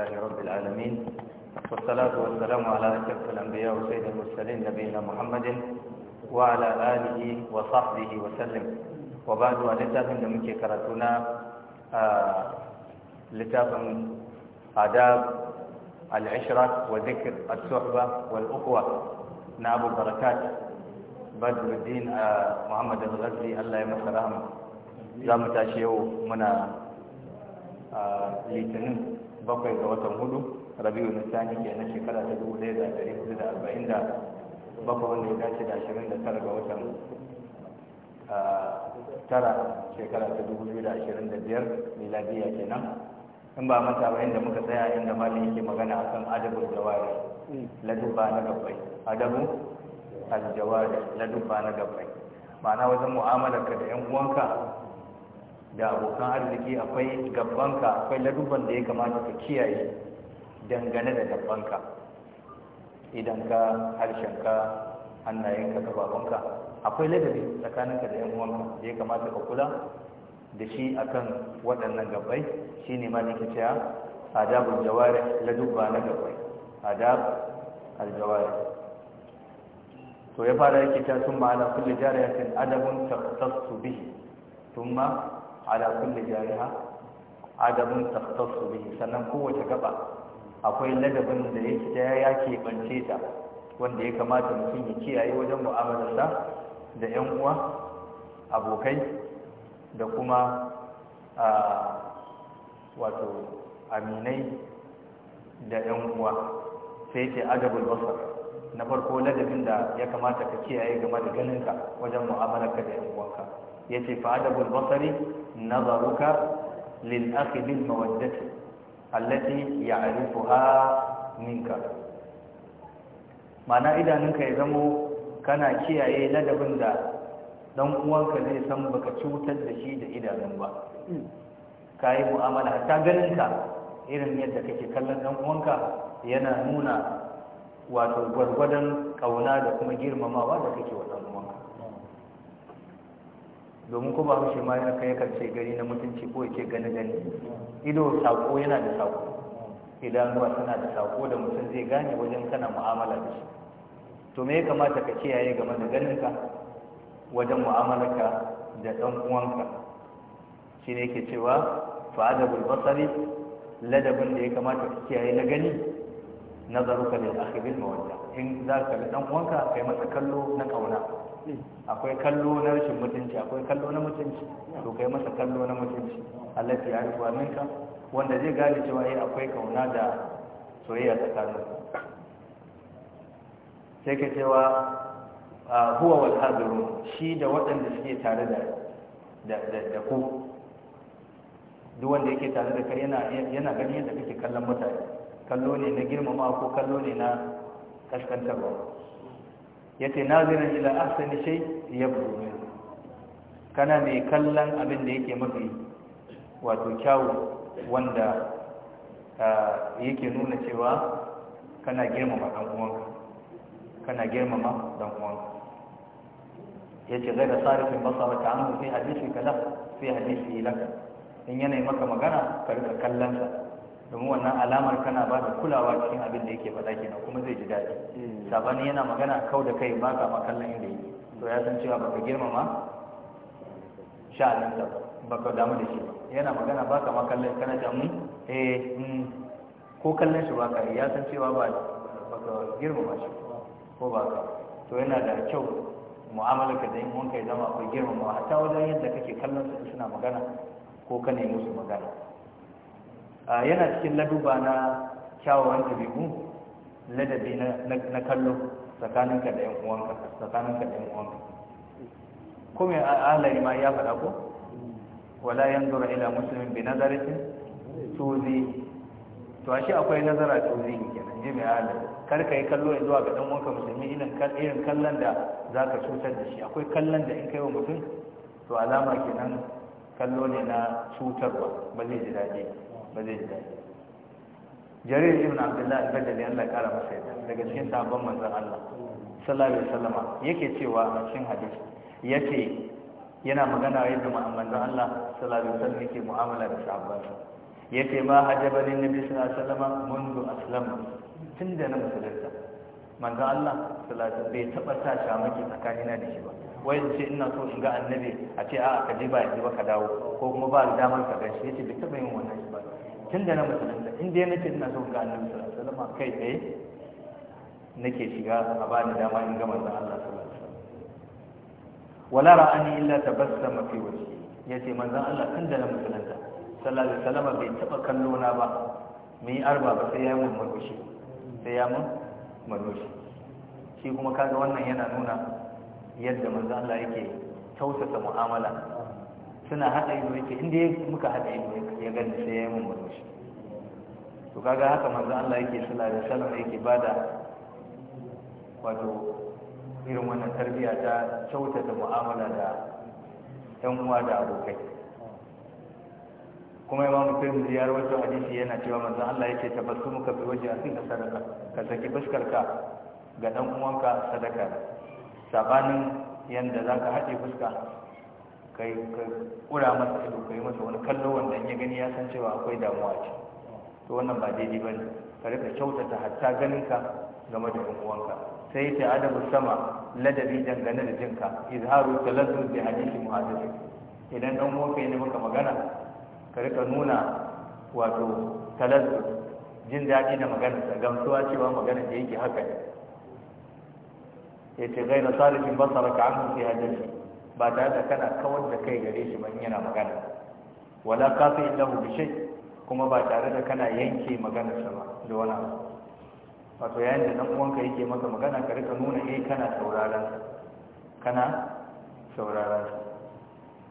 لله رب العالمين والصلاة والسلام على أشرف الأنبياء وسيد المرسلين نبينا محمد وعلى آله وصحبه وسلم وبعد لتافن لمكي كراتنا لتافن آداب العشرة وذكر الصحبة والأخوة نعم البركات بدر الدين محمد الغزلي الله يمسى رحمه za mu tashi yau muna litinin bakwai ga watan hudu rabiu na sani ke na shekara ta dubu ɗaya da ɗari hudu da arba'in da bakwai wanda ya dace da ashirin da tara ga watan tara shekara ta dubu biyu da ashirin da biyar miladiya kenan in ba mata ba inda muka tsaya inda malin yake magana kan adabin jawari ladubba na gabbai adabin aljawari ladubba na gabbai ma'ana wajen ka da yan uwanka da abokan arziki akwai gabanka akwai ladubban da ya kamata ka kiyaye dangane da gabanka idan ka harshenka hannayenka babanka akwai ladabi tsakaninka da yan uwanka da ya kamata ka kula da shi akan waɗannan gabai shine ma nake cewa adabul jawari ladubba na gabai adab aljawari to ya fara yake ta sun ma'ana kullu jariyatin adabun taqtasu bihi thumma ala kulli jariha adabun taqtasu bihi sannan kowace gaba akwai ladabin da yake da ya keɓance ta wanda ya kamata mutum ya kiyaye wajen mu'amalarsa da 'yan uwa abokai da kuma wato aminai da 'yan uwa sai ce adabul basar na farko ladabin da ya kamata ka kiyaye game da ganinka wajen mu'amalarka da 'yan uwanka yace ce fa adabul basari nabaruka lil akhidin mawaddati allati ya'rifuha minka mana idanunka ya zamo kana kiyaye ladabin da ɗan uwanka zai san baka cutar da shi da idanun ba kai mu'amala ta ganinka irin yadda kake kallon dan uwanka yana nuna wato gwargwadon kauna da kuma girmamawa da kake wasan domin ko ba shi ma yana kai kan ce gari na mutunci ko yake gani gani ido sako yana da sako idan ba tana da sako da mutum zai gane wajen kana mu'amala da shi to me ya kamata ka kiyaye game da ganinka wajen mu'amalarka da dan uwanka shi ne yake cewa fa'adabul basari ladabun da ya kamata ka kiyaye na gani nazaruka lil akhi bil mawadda in za ka ga dan uwanka kai masa kallo na kauna akwai kallo na rashin mutunci akwai kallo na mutunci to kai masa kallo na mutunci allati minka wanda zai gane cewa yi eh, akwai kauna da soyayya tsakanin sai ka cewa ah, huwa wal hadiru shi da waɗanda suke tare da ku duk wanda yake tare da kai yana yana yadda kake kallon mutane kallo ne na girmama ko kallo ne na kaskantarwa yace nazirin ila ahsani shay yabdu kana mai kallon abin da yake mafi wato kyawu wanda yake nuna cewa kana girmama dan uwanka kana girmama dan uwanka yace gaira sarifin basaraka anhu fi hadisi kalaf fi hadisi laka in yana maka magana ka rika kallon sa domin wannan alamar kana ba da kulawa cikin abin da yake faɗa kenan kuma zai ji daɗi hmm. sabani yana magana kau da kai ba ka makallan inda yake to ya san cewa baka girmama ba baka damu da shi yana magana ba ka makallan kana ta mu hmm, eh hmm. ko kallon shi ba ka ya san cewa ba baka girmama shi ko ba ka to yana da kyau mu'amala ka da yin wanka ya zama akwai girmama. hatta wajen yadda kake kallon su suna magana ko ka nemi musu magana Ah, yana cikin laduba na kyawawan ɗabi'u ladabi na kallo tsakaninka da 'yan uwanka tsakaninka da yankuwanka kuma kuma alari ma ya faɗa ko wala zura ila musulmin bi nazaratin tozi to ashe akwai nazara tuzi kenan ji mai alari kar ka yi kallo zuwa ga dan wanka musulmi irin kallon da za ka cutar da shi akwai kallon da in kai wa mutum to alama kenan kallo ne na cutarwa ba zai ji daji ba zai ji jarir ibn abdullahi al-bajali Allah ya kara masa yadda daga cikin sabon manzan Allah sallallahu alaihi wasallam yake cewa a cikin hadisi yace yana magana yadda manzon Allah sallallahu alaihi wasallam yake mu'amala da sabon yace ma hajabani nabi sallallahu alaihi wasallam mundu tun da na musulunta manzan Allah sallallahu alaihi bai taba sa shamaki tsakanina da shi ba wai ce ina so in ga annabi a ce a'a ka je ba yanzu ba ka dawo ko kuma ba damar ka shi yace bai taba yin wannan tun da na musulunta inda ya nake ina son ga annabi sallallahu alaihi wasallam kai tsaye nake shiga a ba ni dama in ga da Allah sallallahu alaihi wasallam wala ra'ani illa tabassama fi wajhi yace manzon Allah tun da na musulunta sallallahu alaihi wasallam bai taba kallo na ba mu yi arba ba sai ya mun murmushi sai ya mun murmushi shi kuma kaga wannan yana nuna yadda manzon Allah yake tausasa mu'amala suna haɗa ido yake inda muka haɗa ido ya gani sai ya yi mun murmushi to kaga haka manzo Allah yake sallallahu da wasallam yake bada wato irin wannan tarbiyya ta kyautata mu'amala da ɗan uwa da abokai kuma imam da ya rawaito hadisi yana cewa manzo Allah yake tabassumuka bi wajhi asika sadaka ka saki fuskar ka ga dan uwanka sadaka sabanin yanda zaka haɗe fuska kai ka kura masa ido kai masa wani kallo wanda ya gani ya san cewa akwai damuwa ce to wannan ba daidai ba ne ka rika kyautata hatta ganinka game da yan uwanka sai ta adabu sama ladabi dangane da jinka izharu talazzuz bi hadisi muhadisi idan dan uwanka ne maka magana ka rika nuna wato talazzuz jin daɗi da maganarsa gamsuwa cewa magana da yake haka ne yace gaira salihin basaraka anhu fi hadisi ba tare da kana kawar da kai gare shi ban yana magana wala kafi illa bi shay kuma ba tare da kana yanke magana sa ba da wani abu wato yayin da dan uwanka yake maka magana ka rika nuna eh kana sauraron kana sauraron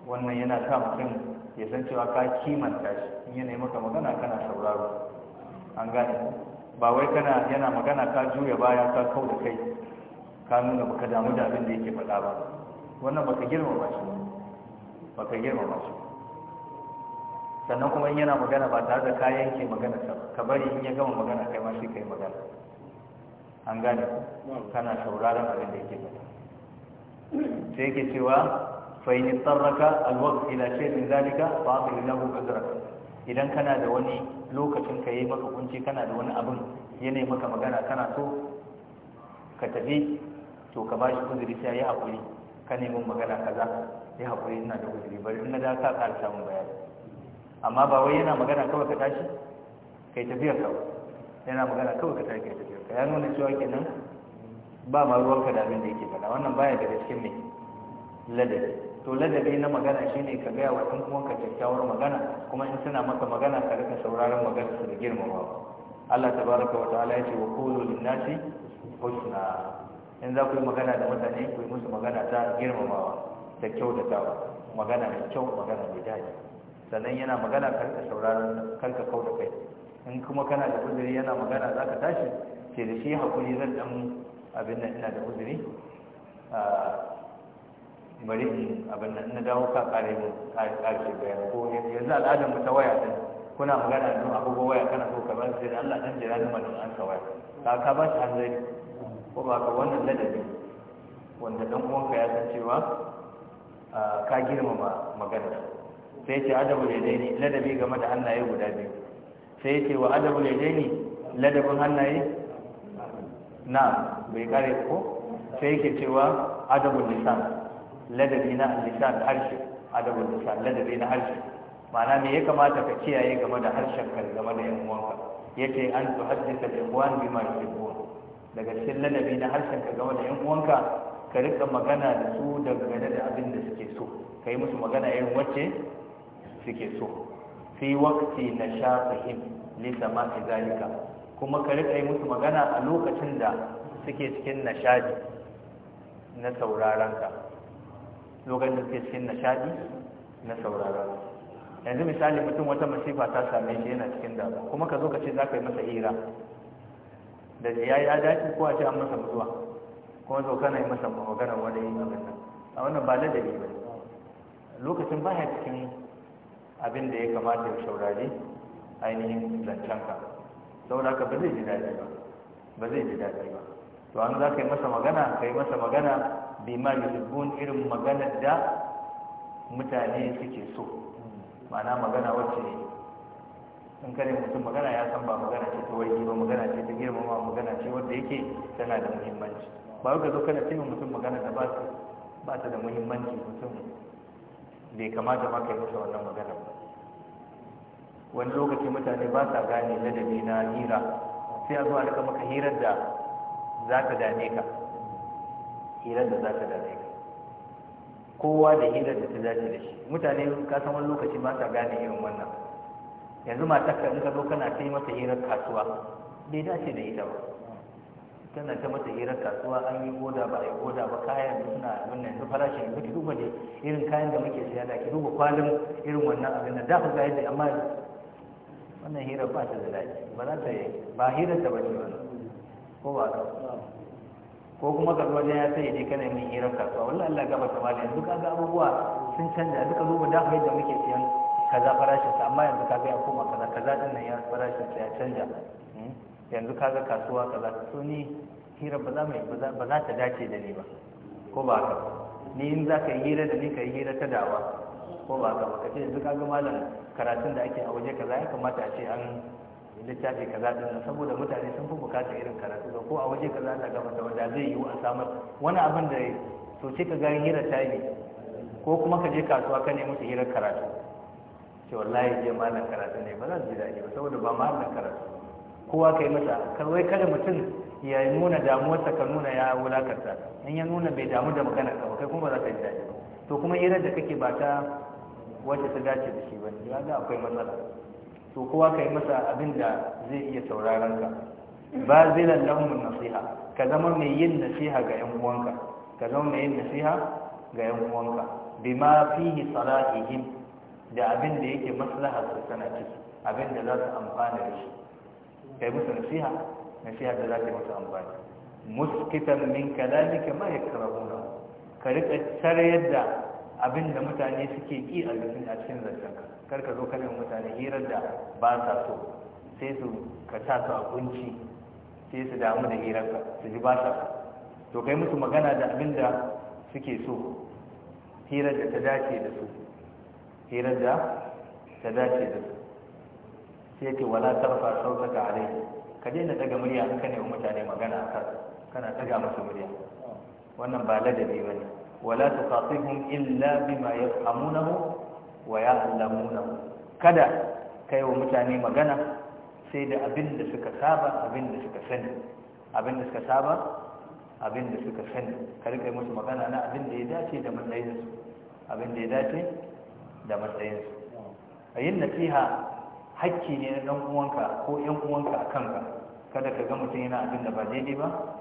wannan yana sa mutum ya san cewa ka kimanta shi in yana maka magana kana sauraro an gane ba wai kana yana magana ka juya baya ka kau da kai ka nuna baka damu da abin da yake faɗa ba wannan baka girmama shi baka girmama shi sannan kuma in yana magana ba tare da kayan ke magana ta ka bari in ya gama magana kai ma shi kai magana an gane ku kana sauraron abin da yake faɗa sai yake cewa fa in tarraka alwaqt ila shay'in zalika fa aqil lahu ajraka idan kana da wani lokacin ka yi maka kunci kana da wani abin yana maka magana kana so ka tafi to ka bashi uzuri sai ya yi hakuri ka nemi magana kaza sai haƙuri ina da guzuri bari ina da ka ƙara mun bayani amma ba wai yana magana kawai ka tashi kai tafiyar ka yana magana kawai ka tashi kai tafiyar ka ya nuna cewa kenan ba ma ruwan ka da abin da yake faɗa wannan baya daga cikin mai ladabi to ladabi na magana shine ka gaya wa ɗan ka kyakkyawar magana kuma in suna maka magana ka rika sauraron magana su da girmamawa Allah tabaraka wa ta'ala ya ce wa qulu lin-nasi husna in za ku yi magana da mutane ku yi musu magana ta girmamawa da kyautatawa magana mai kyau magana mai daji sannan yana magana karka sauraron karka kau da kai in kuma kana da uzuri yana magana za ka tashi ke da shi hakuri zan dan abin nan ina da uzuri bari in abin nan na dawo ka kare mu kare bayan ko yanzu al'adar mu ta waya din kuna magana da abubuwa waya kana so kamar sai da Allah dan jira ni mallan an ka waya ka ka ba shi hanzari ko ba ka wannan ladabi wanda dan uwanka ya san cewa ka girmama magana sai ce adabu adabul yadaini ladabi game da hannaye guda biyu sai ce wa adabul yadaini ladabin hannaye na bai kare ko sai yake cewa adabul nisa ladabi na lisan harshe adabul nisa ladabi na harshe ma'ana me ya kamata ka kiyaye game da harshen ka game da yan uwanka yake an tuhaddisa bi ikhwan bima daga cikin ladabi na harshen ka game da yan uwanka ka rika magana da su dangane da abin da suke so ka yi musu magana irin wacce suke so fi wakati na shafihim lisa ma zalika kuma ka rika yi musu magana a lokacin da suke cikin nashadi na sauraron ka lokacin da suke cikin nashadi na sauraron yanzu misali mutum wata masifa ta same shi yana cikin da kuma ka zo ka ce za ka yi masa hira da ya yi adaki ko a ce an masa mutuwa kuma zo kana yi masa magana wanda yi abin nan a wannan ba ladabi ba lokacin baya cikin abin da ya kamata ya shaurari ainihin zancenka da ka ba zai ji daɗi ba ba zai ji daɗi ba to an za ka yi masa magana ka yi masa magana bi ma zubun irin maganar da mutane suke so ma'ana magana wacce in kare mutum magana ya san ba magana ce ta wai ba magana ce ta girmama magana ce wanda yake tana da muhimmanci ba wai ka zo kana cewa mutum magana da ba ta ba ta da muhimmanci mutum bai kamata ma kai masa wannan magana ba wani lokaci mutane ba sa gane ladabi na hira sai a zo a rika maka hirar da za ka dame ka hirar da za ka dame ka kowa da hirar da ta dace da shi mutane ka san wani lokaci ba sa gane irin wannan yanzu matar ka in ka zo kana ta yi mata hirar kasuwa bai dace da ita ba tana ta mata hirar kasuwa an yi goda ba a yi goda ba kayan da suna wannan yanzu farashin yanzu ki duba ne irin kayan da muke siya da ki duba kwalin irin wannan abin da dafa ga yadda amma wannan hirar ba ta da dace ba za ta yi ba hirar ta ba wani ko ba ka ko kuma ka wajen ya sai ne kana min hirar kasuwa wallahi Allah gaba ta mala yanzu ga abubuwa sun canja duka duba dafa yadda muke siyan kaza farashin sa amma yanzu kaga ya koma kaza kaza din nan ya farashin sa ya canja hmm? yanzu kaga kasuwa kaza to ni hira ba za mai ba za ta dace da ni ba ko ba haka ni in za ka yi hira da ni ka yi hira ta dawa ko ba haka ba ka ce yanzu kaga malam karatun da ake a waje kaza ya kamata a ce an littafi kaza din nan saboda mutane sun fi bukatar irin karatu ko a waje kaza Allah ga mata wanda zai yiwu a samar wani abin da to ce ka ga hira ta ne ko kuma ka je kasuwa ka nemi su hirar karatu ce wallahi je malam karatu ne ba za su ji daɗi ba saboda ba malam karatu kowa ka yi masa kawai kada mutum ya nuna damuwarsa ka nuna ya wulakarta in ya nuna bai damu da magana ka kai kuma ba za ka ji daɗi to kuma irar da kake ba ta wacce ta dace da shi ba ya ga akwai matsala to kowa ka yi masa abin da zai iya sauraron ka ba zai mun nasiha ka zama mai yin nasiha ga yan uwanka ka zama mai yin nasiha ga yan uwanka bima fihi salatihim da abin da yake maslahar su tana ciki abin da za su amfana da shi kai musu nasiha nasiha da za ta musu amfani muskitan min kalamika ma yakrahuna ka rika tare yadda abin da mutane suke ki a cikin a cikin zancenka kar ka zo kana mutane hirar da ba sa so sai su ka sa su a kunci sai su damu da ka su ji ba sa to kai musu magana da abin da suke so hirar da ta dace da su hirar da ta dace da su sai yake wala tarfa sautaka alai ka daina daga murya in ka nemi mutane magana a kan kana daga musu murya wannan ba ladabi ba ne wala tuqatihum illa bima mu wa ya ya'lamunahu kada ka yi wa mutane magana sai da abin da suka saba abin da suka sani abin da suka saba abin da suka sani ka rika musu magana na abin da ya dace da matsayinsu abin da ya dace da matsayinsu a yin nasiha hakki ne na ɗan uwanka ko ‘yan uwanka a kanka kada ka ga mutum yana abin da ba daidai ba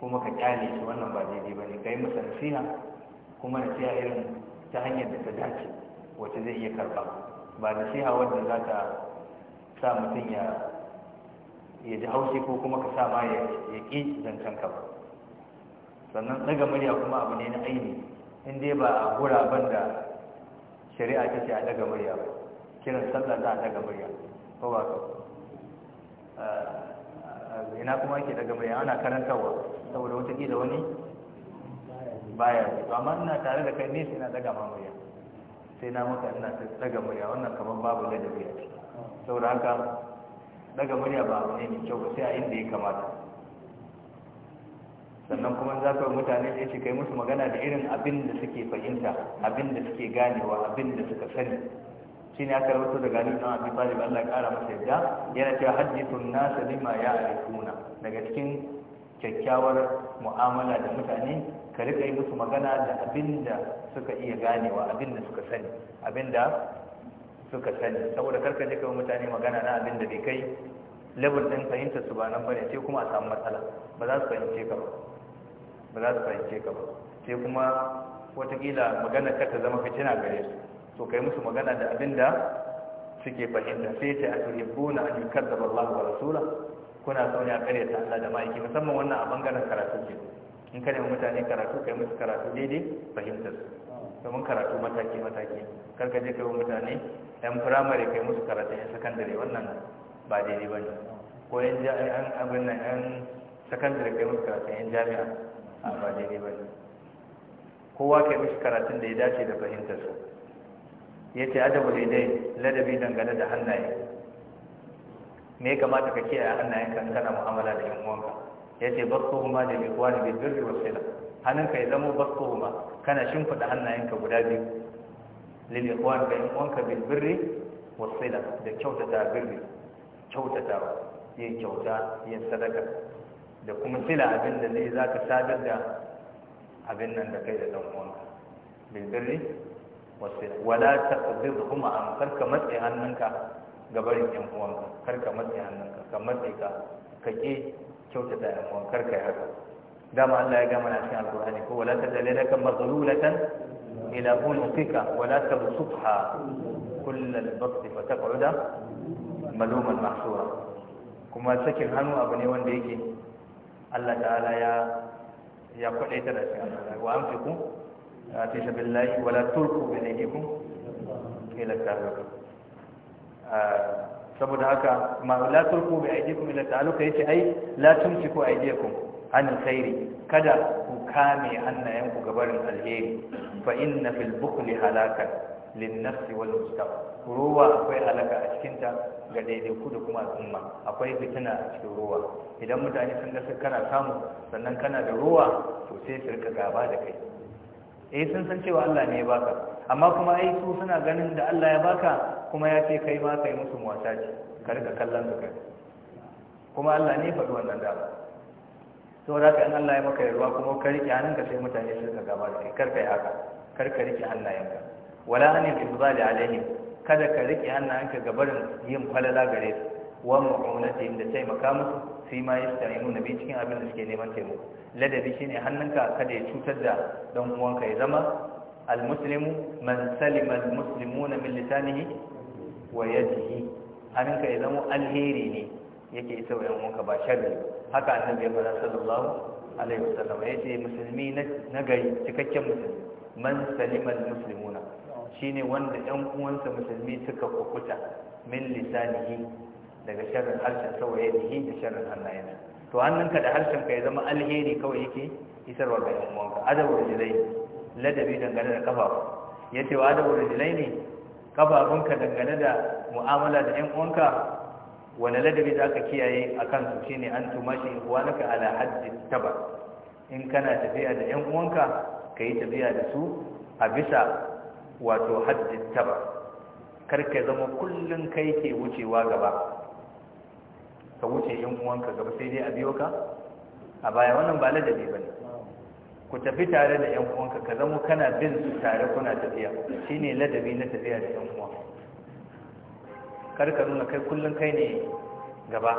kuma ka kyale shi wannan ba daidai ba ne ka yi masa nasiha kuma nasiha irin ta hanyar da ta dace wacce zai iya karɓa ba nasiha wadda za ta sa mutum ya ya ji haushi ko kuma ka sa ma ya ƙi zancen ka ba sannan ɗaga murya kuma abu ne na aini in dai ba a gura ban da shari'a ta ce a daga murya kiran sallah za a daga murya ko ba ka eh, ina kuma ake daga murya ana karantarwa saboda watakila wani baya to amma ina tare da kai nesa ina daga murya sai na maka ina daga murya wannan kamar babu ladabi a ciki saboda haka daga murya ba abu ne mai kyau sai a inda ya kamata sannan kuma za ka mutane sai ce kai musu magana da irin abin da suke fahimta abin da suke ganewa abin da suka sani shi ne aka rawato da gani don abin fari Allah kara masa yadda yana cewa hadithun salima ya ya'rifuna daga cikin kyakkyawar mu'amala da mutane ka rika yi musu magana da abin da suka iya ganewa abin da suka sani abin da suka sani saboda karka je ka mutane magana na abin da bai kai level din fahimtar su ba nan bane sai kuma a samu matsala ba za su fahimce ka ba ba za su fahimce ka ba sai kuma watakila magana ka ta zama fitina gare su to kai musu magana da abin da suke fahimta sai ta a tuhibbuna an da Allah wa rasula kuna so ne a kare ta Allah da ma'aiki musamman wannan a bangaren karatu ke in ka nemi mutane karatu kai musu karatu daidai fahimtar su domin karatu mataki mataki kar ka je kai mutane yan firamare kai musu karatu yan sakandare wannan ba daidai ba ne ko yan jami'an abin nan yan sakandare kai musu karatun yan jami'a a ba daidai ba ne kowa kai musu karatun da ya dace da fahimtar su ya ce adabu daidai ladabi dangane da hannaye me ya kamata ka kiyaye hannayen kan kana mu'amala da yan uwanka ya ce basuhuma da bi kwani bi birri wasila hannunka ya zama basuhuma kana shimfida hannayenka guda biyu Lili ikhwan ga yan uwanka bil birri wasila da kyautata birri Kyautata yin kyauta yin sadaka da kuma sila abin da zai za ka sadar da abin nan da kai da ɗan uwanka bilbirri wasu wala ta zirga kuma an karka matse hannunka ga barin yan uwanka karka matse hannunka ka matse ka ka ke kyautata yan uwanka karka yi haka dama Allah ya gama na cikin alkur'ani ko wala ta dalila kan mazlulatan ila unuqika wala ta tabsutha kullal basti fa taq'uda maluman mahsura kuma sakin hannu abu ne wanda yake Allah ta'ala ya ya kwadaita da shi wa amfiku fi sabilillahi wala tulqu bi ku ila ta'aluka ah, saboda haka ma la tulqu bi aydikum ila ta'aluka yace ai la tumsiku aydikum an alkhairi kada ku kame hannayen ku gabarin alheri fa inna fil bukli halakan linnafsi wal mustaqbal ruwa akwai alaka a cikin ta ga ku da kuma al'umma akwai fitina a cikin ruwa idan mutane sun ga sun kana samu sannan kana da ruwa to sai su rika gaba da kai eh sun san cewa Allah ne ya baka amma kuma ai su suna ganin da Allah ya baka kuma ya ce kai ma kai musu muwasa ce ka rika kallon su kai kuma Allah ne faɗi wannan dama saboda ka in Allah ya maka yarwa kuma ka rike hannunka sai mutane su rika gaba da kai kar kai haka kar ka rike hannayenka wala anil ibzali alaihim kada ka rike hannayenka ga barin yin falala gare su wa mu'unatihim da taimaka musu fi ma yasta'inu nabi cikin abin da suke neman taimako ladabi shine hannunka kada ya cutar da dan uwanka ya zama almuslimu man salima almuslimuna min lisanihi wa yadihi hannunka ya zama alheri ne yake isa wa yan uwanka ba sharri haka annabi ya fara sallallahu alaihi wasallam yace musulmi na gari cikakken musulmi man salima almuslimuna shine wanda ɗan uwansa musulmi suka kukuta min lisanihi daga sharrin harshen sawa ya dihi da sharrin hannayensa to hannunka da harshenka ya zama alheri kawai yake isarwa ga ɗan uwanka adabu rijlai ladabi dangane da kafafu ce wa adabu Jilai ne kafafunka dangane da mu'amala da 'yan uwanka wani ladabi za ka kiyaye a kansu shi ne an tumashi ihuwanaka ala hajji taba in kana tafiya da 'yan uwanka ka yi tafiya da su a bisa wato haddin taba karka zama kullum kai ke wucewa gaba ka wuce yan uwanka gaba sai dai a biyo ka a baya wannan ba ladabi ba ne ku tafi tare da yan uwanka ka zama kana bin su tare kuna tafiya Shi ne ladabi na tafiya da yan uwa karka nuna kai kullum kai ne gaba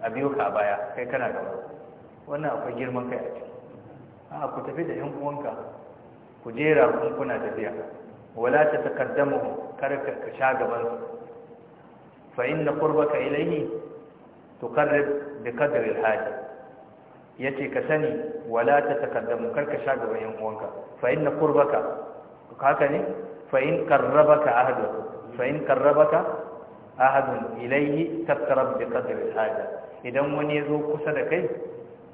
a biyo ka a baya kai kana gaba wannan akwai girman kai a ciki a ku tafi da yan uwanka ku jera kun kuna tafiya wala ta takaddamu kar ka sha gaban su fa inna qurbaka ilayhi tuqarrib bi qadri al-haja yace ka sani wala ta takaddamu kar ka sha gaban yan uwanka fa inna qurbaka haka ne fa in qarrabaka ahadu fa in qarrabaka ahadun ilayhi taqrab bi qadri al-haja idan wani ya zo kusa da kai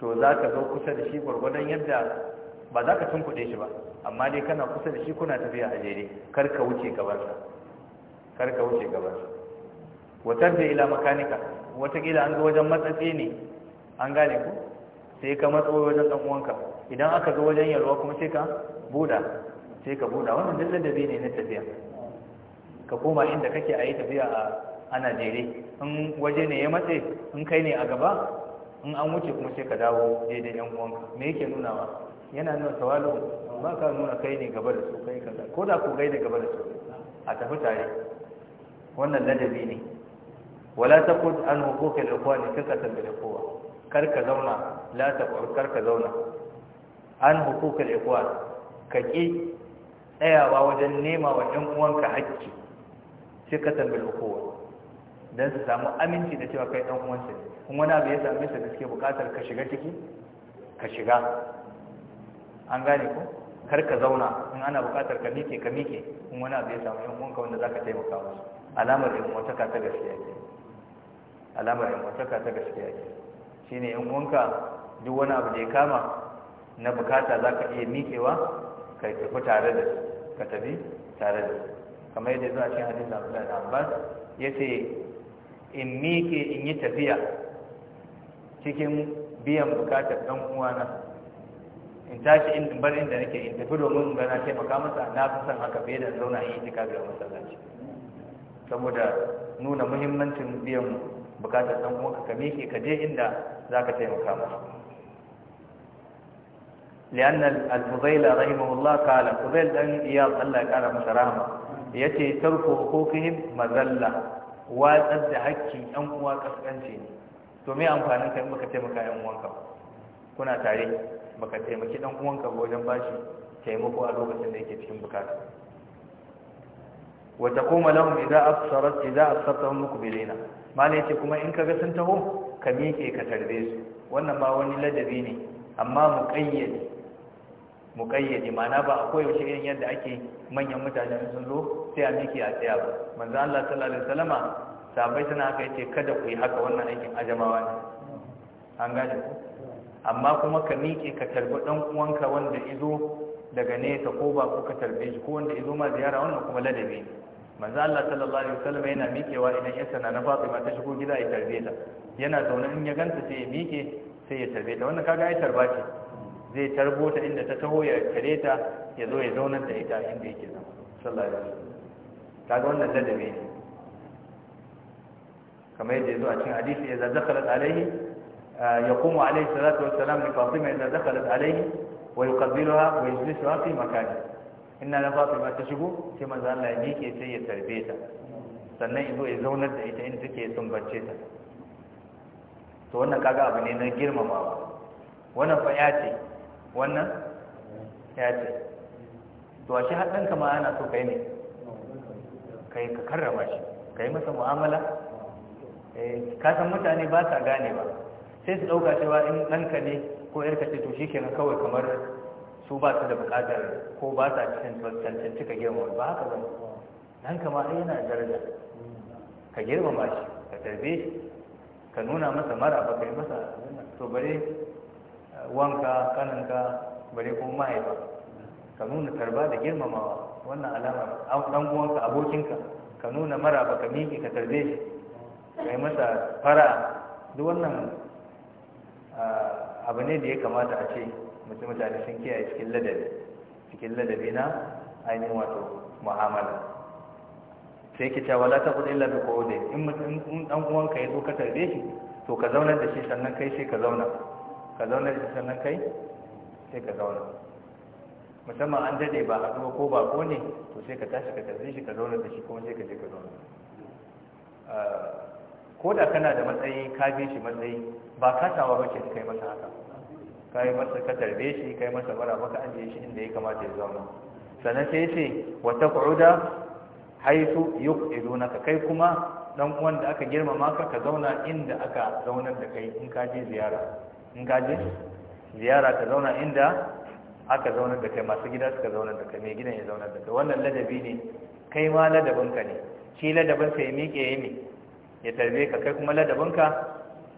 to zaka zo kusa da shi gurgurdan yadda ba za ka tunkuɗe shi ba amma dai kana kusa da shi kuna tafiya a jere kar ka wuce gabarsa kar ka wuce gabarsa wata da ila makanika watakila an ga wajen matsatsi ne an gane ku sai ka matso wajen ɗan uwanka idan aka zo wajen yalwa kuma sai ka buɗa sai ka buɗa wannan duk ladabi ne na tafiya ka koma inda kake a yi tafiya a ana jere in waje ne ya matse in kai ne a gaba in an wuce kuma sai ka dawo daidai yan uwanka me yake nunawa yana nuna tawalo ba ka nuna kai ne gaba da su kai kaza ko da ku gai da gaba da su a tafi tare wannan ladabi ne wala taqud an huquq al-ikhwan kakatan bil ikhwa kar ka zauna la taqud kar ka zauna an huquq al-ikhwan ka ki tsayawa wajen nema wa ɗan uwanka haƙƙi kakatan bil ikhwa dan su samu aminci da cewa kai ɗan uwansa ne kuma wani abu ya same su da suke buƙatar ka shiga ciki ka shiga an gane ko kar ka zauna in ana bukatar ka mike ka mike in wani abu ya samu yan uwanka wanda zaka taimaka musu alamar yan uwantaka ta gaskiya ke alamar yan uwantaka ta gaskiya ke ne yan uwanka duk wani abu da ya kama na bukata zaka iya mikewa ka tafi tare da su ka tafi tare da su kamar yadda zuwa cikin hadisi Abdullahi Abbas ce in mike in yi tafiya cikin biyan bukatar dan uwana in tashi in bar inda nake in tafi domin ga na taimaka masa na fi son haka fiye da zauna yi itika ga masallaci saboda nuna muhimmancin biyan bukatar dan uwanka ka miƙe ka je inda za zaka taimaka masa لأن الفضيل رحمه الله قال فضيل أن إياب الله قال مسرامة يتي ترك حقوقهم مذلة watsar حكي hakkin yan uwa kaskanci ne to me amfanin ka in baka taimaka baka taimaki dan uwanka wajen bashi taimako a lokacin da yake cikin bukata wa taquma lahum idza absarat idza absartahum mukbilina mala yace kuma in kaga sun taho ka miƙe ka tarbe su wannan ba wani ladabi ne amma muqayyadi muqayyadi mana ba akwai wani irin yadda ake manyan mutane sun zo sai a miƙe a tsaya ba manzo Allah sallallahu alaihi wasallama sabai suna haka yace kada ku yi haka wannan aikin ajamawa ne an gane ku amma kuma ka miƙe ka tarbi ɗan uwanka wanda izo daga nesa ko ba ko ka tarbe shi ko wanda izo ma ziyara wannan kuma ladabi ne manzo Allah sallallahu alaihi wasallam yana miƙewa idan ya sana na Fatima ta shigo gida ya tarbe ta yana zaune in ya ganta sai ya miƙe sai ya tarbe ta wannan kaga ai tarba ce zai tarbo ta inda ta taho ya tare ta ya zo ya zauna da ita inda yake zama sallallahu alaihi wasallam kaga wannan ladabi ne kamar yadda ya zo a cikin hadisi ya zakhalat alaihi يقوم عليه الصلاة والسلام لفاطمة إذا دخلت عليه ويقبلها ويجلسها في مكانه إن لفاطمة تشبه كما زال الله يجيك يسي تربيتها sannan izo ya zaunar da ita in take sumbace ta to wannan kaga abu ne na girmamawa wannan fa ya ce wannan ya ce to a shi haɗin kama ana so kai ne kai ka karrama shi kai masa mu'amala ka san mutane ba sa gane ba sai su ɗauka cewa in ɗanka ne ko yarka ce to shi kenan kawai kamar su ba su da buƙatar ko ba sa cikin cancanci ka girmama ba haka ba nan kama ai yana daraja ka girmama shi ka tarbe shi ka nuna masa mara ba kai masa to bare eh, wanka kananka bare ko mahaifa ka nuna tarba da girmamawa wannan alamar ɗan uwanka abokinka ka nuna mara ba ka miƙe ka tarbe shi kai masa fara duk wannan Ah, abu ne da ya kamata a ce mutum mutane sun kiyaye cikin ladabi cikin ladabi na ainihin wato mu'amala sai ke cewa ta taqul illa bi qawlin in mutum dan uwanka ya zo ka tarbe shi to ka zauna da shi sannan kai sai ka zauna ka zauna da shi sannan kai sai ka zauna musamman an dade ba a ko ba ko ne to sai ka tashi ka tarbe shi ka zauna da shi ko sai ka je ka zauna ah, ko da kana da matsayi ka bi shi matsayi ba katawa ba ke kai masa haka kai masa ka tarbe shi kai masa bara baka ajiye shi inda ya kamata ya zauna sannan sai ce wa taq'uda haythu ka kai kuma dan uwan da aka girma ka ka zauna inda aka zaunar da kai in ka je ziyara in ka je ziyara ka zauna inda aka zaunar da kai masu gida suka zaunar da kai mai gidan ya zaunar da kai wannan ladabi ne kai ma ladabinka ne shi ladabinka ya miƙe ya mi ya tarbe ka kai kuma ladabinka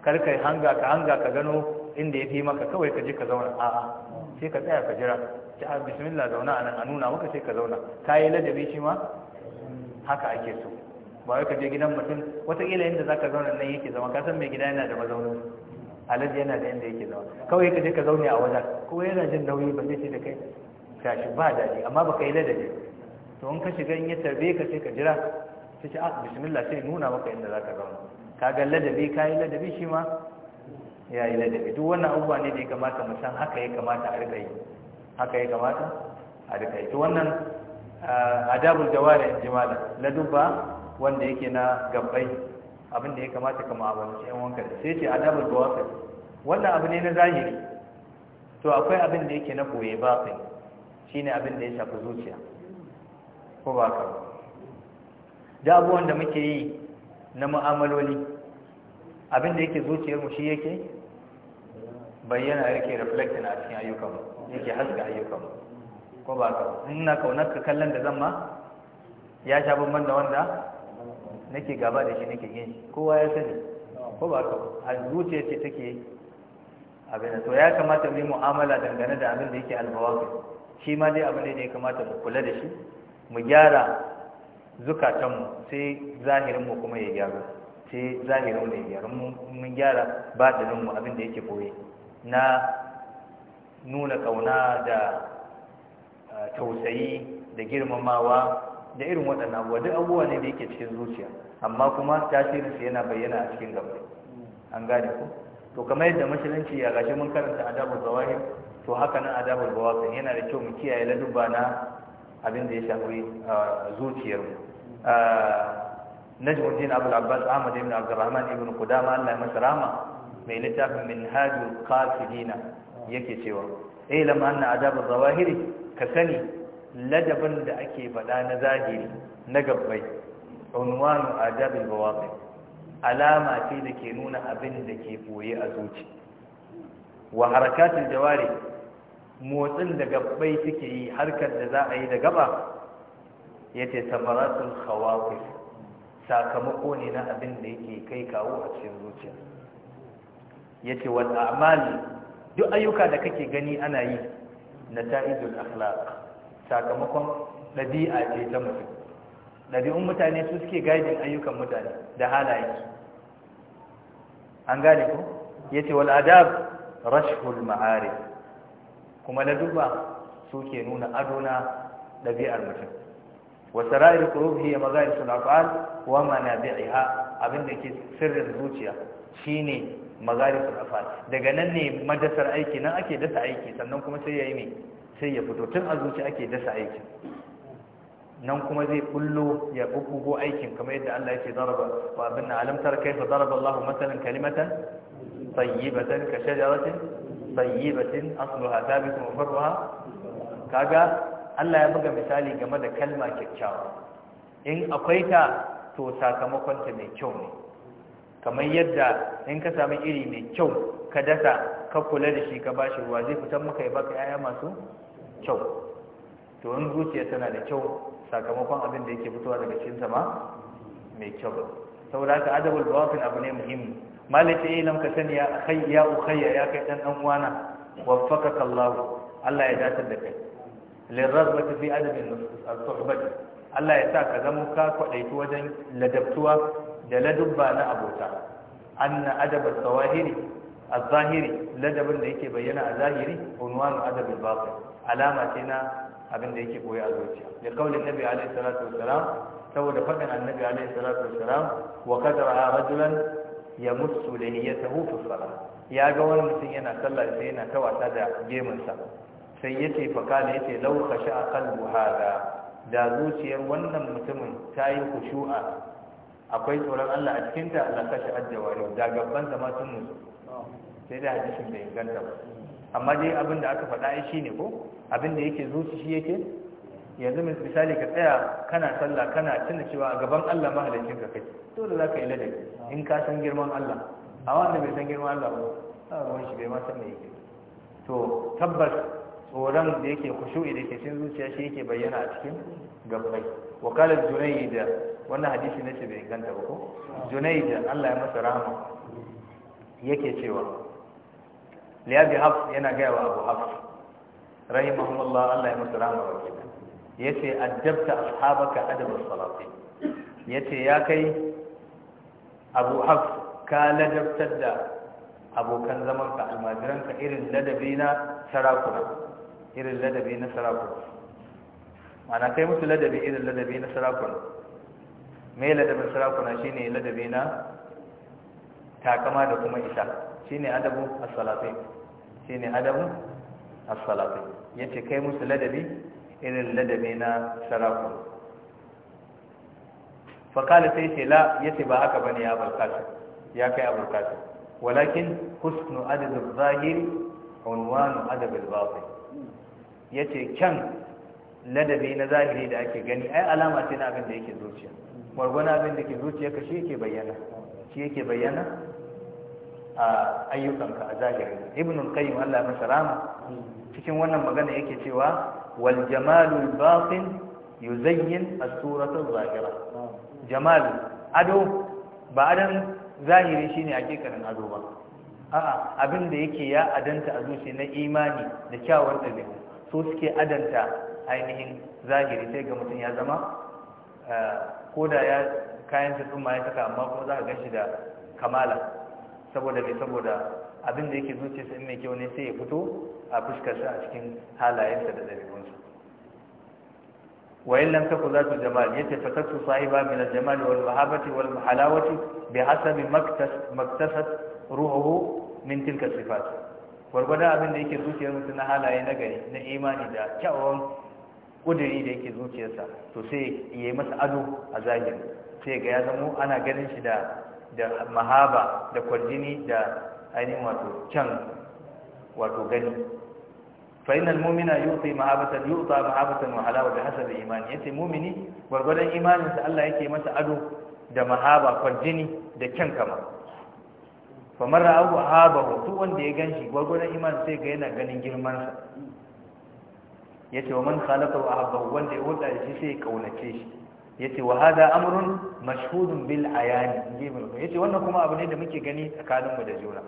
kar kai hanga ka hanga ka gano inda ya fi maka kawai ka je ka zauna a'a sai ka tsaya ka jira ta ah, bismillah zauna anan a nuna maka sai ka zauna ka yi ladabi shi ma haka ake so ba wai ka je gidan mutum wataƙila inda za ka zauna nan yake zama ka san mai gida yana da mazauni alaji yana da inda yake zama kawai ka je ka zaune a wajen ko yana jin nauyi ba zai ce da kai tashi ba daɗi amma ba ka yi ladabi to in ka shiga in ya tarbe ka sai ka jira sai ce a ah, bismillah sai nuna maka inda za ka zauna kaga ladabi ka yi ladabi shi ma ya yi ladabi duk wannan abubuwa ne da ya kamata mu san haka ya kamata a rika yi haka ya kamata a rika yi to wannan ah, adabul jawari jimala ladubba wanda yake na gabbai abin da ya kamata ka mu'amalanci yan wanka sai ce adabul bawafi wannan abu ne na zahiri to akwai abin da yake na boye bafi shine abin da ya shafi zuciya ko ba ka da abubuwan da muke yi na mu'amaloli abin da yake zuciyarmu shi yake bayyana yake reflecting a cikin mu yake haska mu ko ba ka ina kaunar ka kallon da zan ma ya sha bambam da wanda nake gaba da shi nake yin kowa ya sani ko ba ka a zuciya ce take abin da to ya kamata mu yi mu'amala dangane da abin da yake albawa shi ma dai abin da ya kamata mu kula da shi mu gyara zukatanmu sai zahirinmu kuma ya gyaru sai zahirinmu ya gyaru mun gyara batininmu abin da yake boye na nuna kauna da tausayi da girmamawa da irin waɗannan abuwa duk abubuwa ne da yake cikin zuciya amma kuma tasirinsu yana bayyana a cikin gaba an gane ku to kamar yadda mashalanci ya gashi mun karanta adabul zawahir to haka nan adabul bawatin yana da kyau mu kiyaye ladubana na abin da ya shafi zuciyarmu najmuddin abul abbas ahmad ibn abdurrahman ibn qudama Allah ya masa mai littafin minhajul qasidina yake cewa ilam anna adab az-zawahiri ka sani ladabin da ake faɗa na zahiri na gabbai unwanu adab al-bawatin alama ce da ke nuna abin da ke boye a zuci wa harakatul jawari motsin da gabbai suke yi harkar da za a yi da gaba ya ce samaratun hawafis sakamako ne na abin da yake kai kawo a cikin zuciya ya ce wa amali duk ayyuka da kake gani ana yi na ta'idun akhlaq sakamakon ɗabi'a ce ta mutum ɗabi'un mutane su suke gaidin ayyukan mutane da halaye an gane ku? ya ce wal adab rashhul Ma'ari. kuma na duba su ke nuna adona ɗabi'ar mutum wa sara'ir qulubi hiya mazahisul af'al wa manabi'iha abinda ke sirrin zuciya shine mazahisul daga nan ne madasar aiki nan ake dasa aiki sannan kuma sai yayi ne sai ya fito tun a zuciya ake dasa aiki nan kuma zai kullo ya bubbugo aikin kamar yadda Allah yake daraba wa abinna alam tara kaifa daraba Allahu matalan kalimatan tayyibatan ka shajaratin tayyibatin asluha thabitun wa farruha kaga Allah ya buga misali game da kalma kyakkyawa in akwai ta to sakamakon mai kyau ne kamar yadda in ka sami iri mai kyau ka dasa ka kula da shi ka bashi ruwa zai fitan maka ya baka yaya masu kyau to in zuciya tana da kyau sakamakon abin da yake fitowa daga cikin sama mai kyau saboda haka adabul bawafin abu ne muhimmi malaka eh lam ka sani ya akhay ya kai dan dan uwana wafaka Allah Allah ya datar da kai lirrazbati fi adamin al-suhbati Allah ya sa ka zama ka kwadaitu wajen ladabtuwa da ladubba na abota anna adab al-zawahiri al-zahiri ladabin da yake bayyana a zahiri unwanu adab al-batin alama ce na abin da yake koyi a zuciya da kaulin nabi alaihi salatu wassalam saboda fadin annabi alaihi salatu wassalam wa qadara rajulan yamussu lahiyatahu fi salat ya ga wani mutum yana sallah sai yana ta wasa da gemunsa sai yace fakala yace laukashi a qalbu hada da zuciyar wannan mutumin ta yi kushu'a akwai tsoron Allah a cikin ta Allah kashi ajjawari da gaban ta sun musu sai da hadisin bai inganta ba amma dai abin da aka faɗa shi ne ko abin da yake zuci shi yake yanzu misali ka tsaya kana sallah kana tuna cewa a gaban Allah mahalicin ka kai dole za ka yi ladabi in ka san girman Allah a wanda bai san girman Allah ba a ruwan shi bai ma san me yake to tabbas tsoron da yake khushu'i da ke cin zuciya shi yake bayyana a cikin gabbai wakalar da wannan hadisi na ce bai inganta ba ko da Allah ya masa rahama yake cewa liyabi hafs yana gaya wa abu hafs rahimahullah Allah ya masa rahama ya ce adabta ashabaka adabar salafi ya ce ya kai abu hafs ka ladabtar da abokan zamanka almajiranka irin ladabi na sarakuna irin ladabi na sarakun mana kai musu ladabi irin ladabi na sarakun mai ladabin sarakuna shine ladabi na takama da kuma isa shine adabu as shi shine adabu salafin. Ya ce kai musu ladabi irin ladabi na sarakun Fakali sai ce la ce ba haka bane ya balkasa ya kai abulkasa walakin husnu adab az-zahir unwanu adab al ya ce kyan ladabi na zahiri da ake gani ai alama ce na abin da yake zuciya gwargwana abin da ke zuciya ka shi yake bayyana shi yake bayyana a ayyukanka a zahiri ibn al-qayyim Allah masa rahma cikin wannan magana yake cewa wal jamalul batin yuzayyin as-surata az-zahira jamal ado ba adan zahiri shine hakikanin ado ba a'a abin da yake ya adanta a zuciya na imani da kyawun dabi'a su suke adanta ainihin zahiri sai ga mutum ya zama eh, ko da ya kayan tattun ma ya saka amma kuma za ka gan shi da kamala saboda mai saboda abin da yake zuce in mai kyau ne sai ya fito a fuskarsa a cikin halayensa da ɗabi'unsa wa illam taku zatu jamal yace fa taksu sahiba min al-jamal wal mahabati wal halawati bi hasabi maktasat ruhuhu min tilka sifat gwargwadon abin da yake zuciyar mutum na halaye na gari na imani da kyawawan kudiri da yake zuciyarsa to sai ya yi masa ado a zahiri sai ga ya zamo ana ganin shi da mahaba da kwarjini da ainihin wato can wato gani fa innal mu'mina yu'ti mahabatan yu'ta mahabatan wa halawa hasar da imani ce mu'mini gwargwadon imaninsa Allah yake masa ado da mahaba kwarjini da kyan kama famar ra'ahu haba duk wanda ya ganshi gwargwadon iman sai ga yana ganin girmansa ya ce wa man khalaqa wa ahabbahu wanda ya hulɗa da shi sai ya kaunace shi ya ce wa hada amrun mashhudun bil ayan inji mun yace wannan kuma abu ne da muke gani tsakanin mu da juna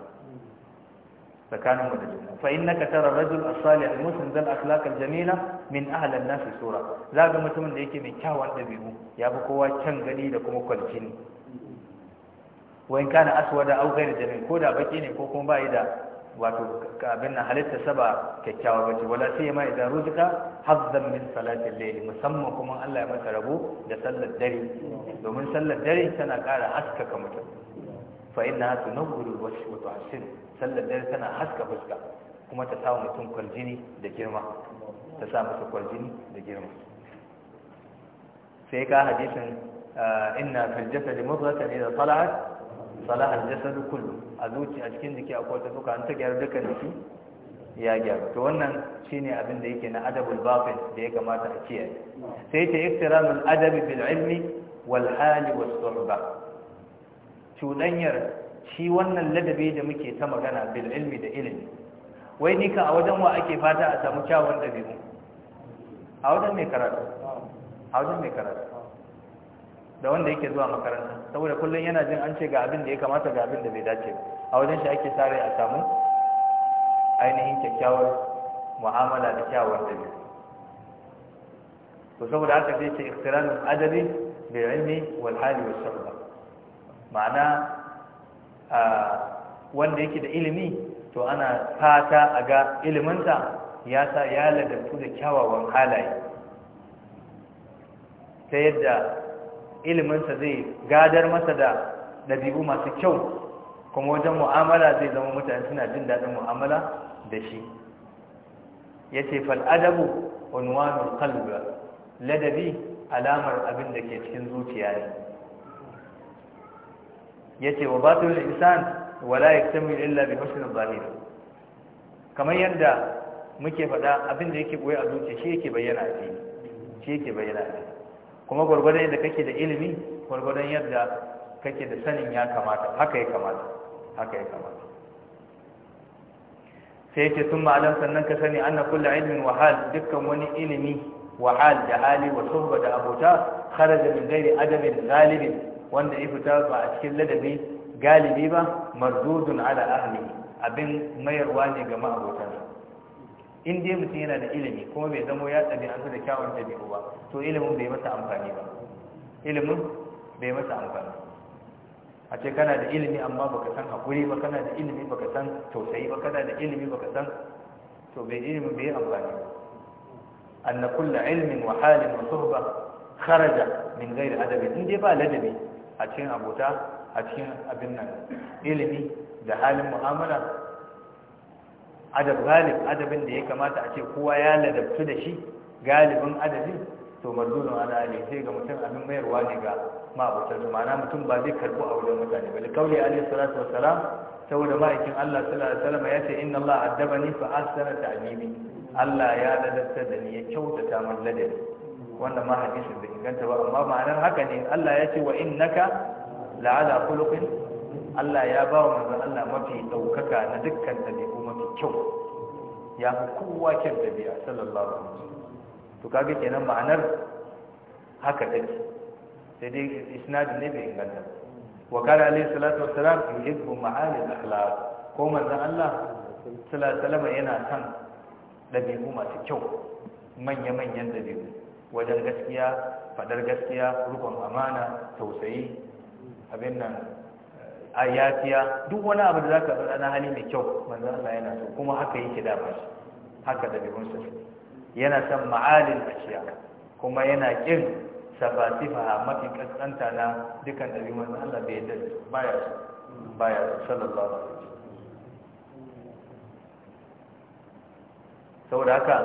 tsakanin mu da juna fa innaka tara rajul as-salih muslim dal akhlaq al-jamila min ahli an-nas sura ga mutumin da yake mai kyawawan ya fi kowa can gani da kuma kwalcini wa in kana aswada aw ghayr jamil ko da baki ne ko kuma bai da wato abin nan halitta saba kyakkyawa bace wala sai ma idan ruzika hazzan min salatil layl musamman kuma Allah ya masa rabo da sallar dare domin sallar dare tana ƙara haskaka mutum fa inna tunawwiru wajh wa tuhsin sallar dare tana haska fuska kuma ta sa mutum kwaljini da girma ta sa masa kwaljini da girma sai ka hadisin inna fil jasadi mudghatan idha tala'at salah al-jasad kullu a zuci a cikin jiki akwai ta duka an ta gyara dukkan jiki ya gyara to wannan shine abin da yake na adabul bafin da ya kamata a kiyaye sai ta iktiramul adab bil ilmi wal hal was suhba cudanyar shi wannan ladabi da muke ta magana bil ilmi da ilimi wai nika a wajen wa ake fata a samu kyawun ɗabi'u a wajen mai karatu a wajen mai karatu da wanda yake zuwa makaranta saboda kullum yana jin an ce ga abin da ya kamata ga abin da bai dace ba a wajen shi ake sare a samu ainihin kyakkyawar mu'amala da kyawar da to saboda haka zai ce ikhtiranul adabi bil ilmi wal hali was ma'ana wanda yake da ilimi to ana fata a ga iliminsa ya sa ya ladabtu da kyawawan halaye ta yadda iliminsa zai gadar masa da ɗabi'u masu kyau kuma wajen mu'amala zai zama mutane suna jin daɗin mu'amala da shi ya ce fal'adabu unwanu kalba ladabi alamar abin da ke cikin zuciya ne ya ce wa yi isan wala ya mil illa bi husnul zahir kamar yadda muke faɗa abin da yake goye a zuciya shi yake bayyana a shi yake bayyana a kuma gwargwadon yadda kake da ilimi gwargwadon yadda kake da sanin ya kamata haka ya kamata haka ya kamata sai yake sun ma'alan sannan ka sani anna kulla ilimin wahal dukkan wani ilimi wahal da hali wa da abota kharaja min ghairi adamin ghalibin wanda ya fita ba a cikin ladabi galibi ba mardudun ala ahli abin mayarwa ne ga ma'abotan in dai mutum yana da ilimi kuma bai zamo ya tsabi an da kyawun ɗabi'u ba to ilimin bai masa amfani ba ilimin bai masa amfani a ce kana da ilimi amma baka san haƙuri ba kana da ilimi baka san tausayi ba kana da ilimi baka san to bai ilimin bai amfani ba anna kullu ilmin wa halin wa suhba kharaja min ghairi adabi in dai ba ladabi a cikin abota a cikin abin nan ilimi da halin mu'amala adab galib adabin da ya kamata a ce kowa ya ladabtu da shi galibin adabin to mardunun ala ali ga mutum abin mayarwa ne ga ma'abutar su ma'ana mutum ba zai karbu a wajen mutane ba likauli alayhi salatu wassalam saboda ma'aikin Allah sallallahu alaihi wasallam ya ce inna Allah addabani fa ahsana ta'limi Allah ya ladabta da ni ya kyautata min ladabi wannan ma hadisin da inganta ba amma ma'anar haka ne Allah ya ce wa innaka la'ala khuluqin Allah ya ba wa manzon Allah mafi ɗaukaka na dukkan ɗabi'u mafi kyau ya fi kowa kyan ɗabi'a, sallallahu alaihi wasallam to kaga kenan ma'anar haka take sai dai isnadin ne bai inganta wa kana alaihi salatu wassalam yuhibbu ma'ali akhlaq ko manzon Allah sallallahu alaihi yana son ɗabi'u masu kyau manya-manyan ɗabi'u wajen gaskiya fadar gaskiya rukun amana tausayi abin nan a yafiya duk wani abu da zaka faɗa na hali mai kyau manzon Allah yana so kuma haka yake da ba haka da bi su yana san ma'alin ashiya kuma yana kin sabatifa mafi kaskanta na dukan dabi manzon Allah bai yadda baya baya sallallahu alaihi wasallam saboda haka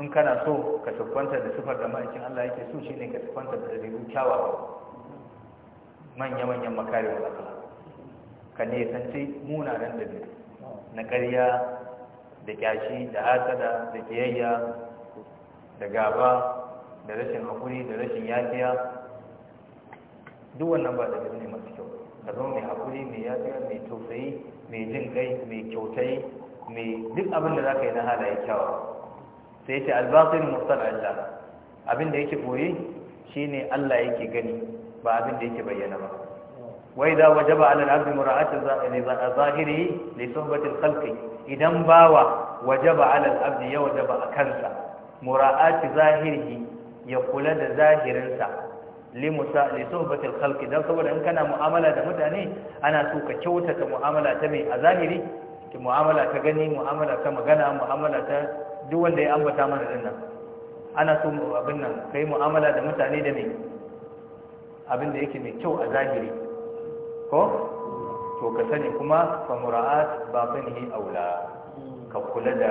in kana so ka siffanta da sifar da ma'aikin Allah yake so shine ka siffanta da dabi'u kyawawa manya-manyan makarin Allah ka nisanci munanan dabi'u na ƙarya da kyashi da hasada da kiyayya da gaba da rashin haƙuri da rashin yafiya duk wannan ba da ne masu kyau ka zo mai haƙuri mai yafiya mai tausayi mai jin kai mai kyautai mai duk abin da za ka yi na halaye kyawa sai ce albasir musar Allah abin da yake boye shine Allah yake gani ba abin da yake bayyana ba وإذا وجب على العبد مراعاة ظاهره لصحبة الخلق إذن باوى وجب على العبد يوجب أكنسا مراعاة ظاهره يقول ظاهرنسا لصحبة الخلق إذن صبر إن كان معاملة متعني أنا سوك كوتة معاملة تبي أظاهري معاملة تغني معاملة كمغنى معاملة دول دي أمبا تامن لنا أنا سوك أبنى كي معاملة متعني دمي abin da yake mai kyau a zahiri ko to ka sani kuma fa mura'at batinihi aula ka kula da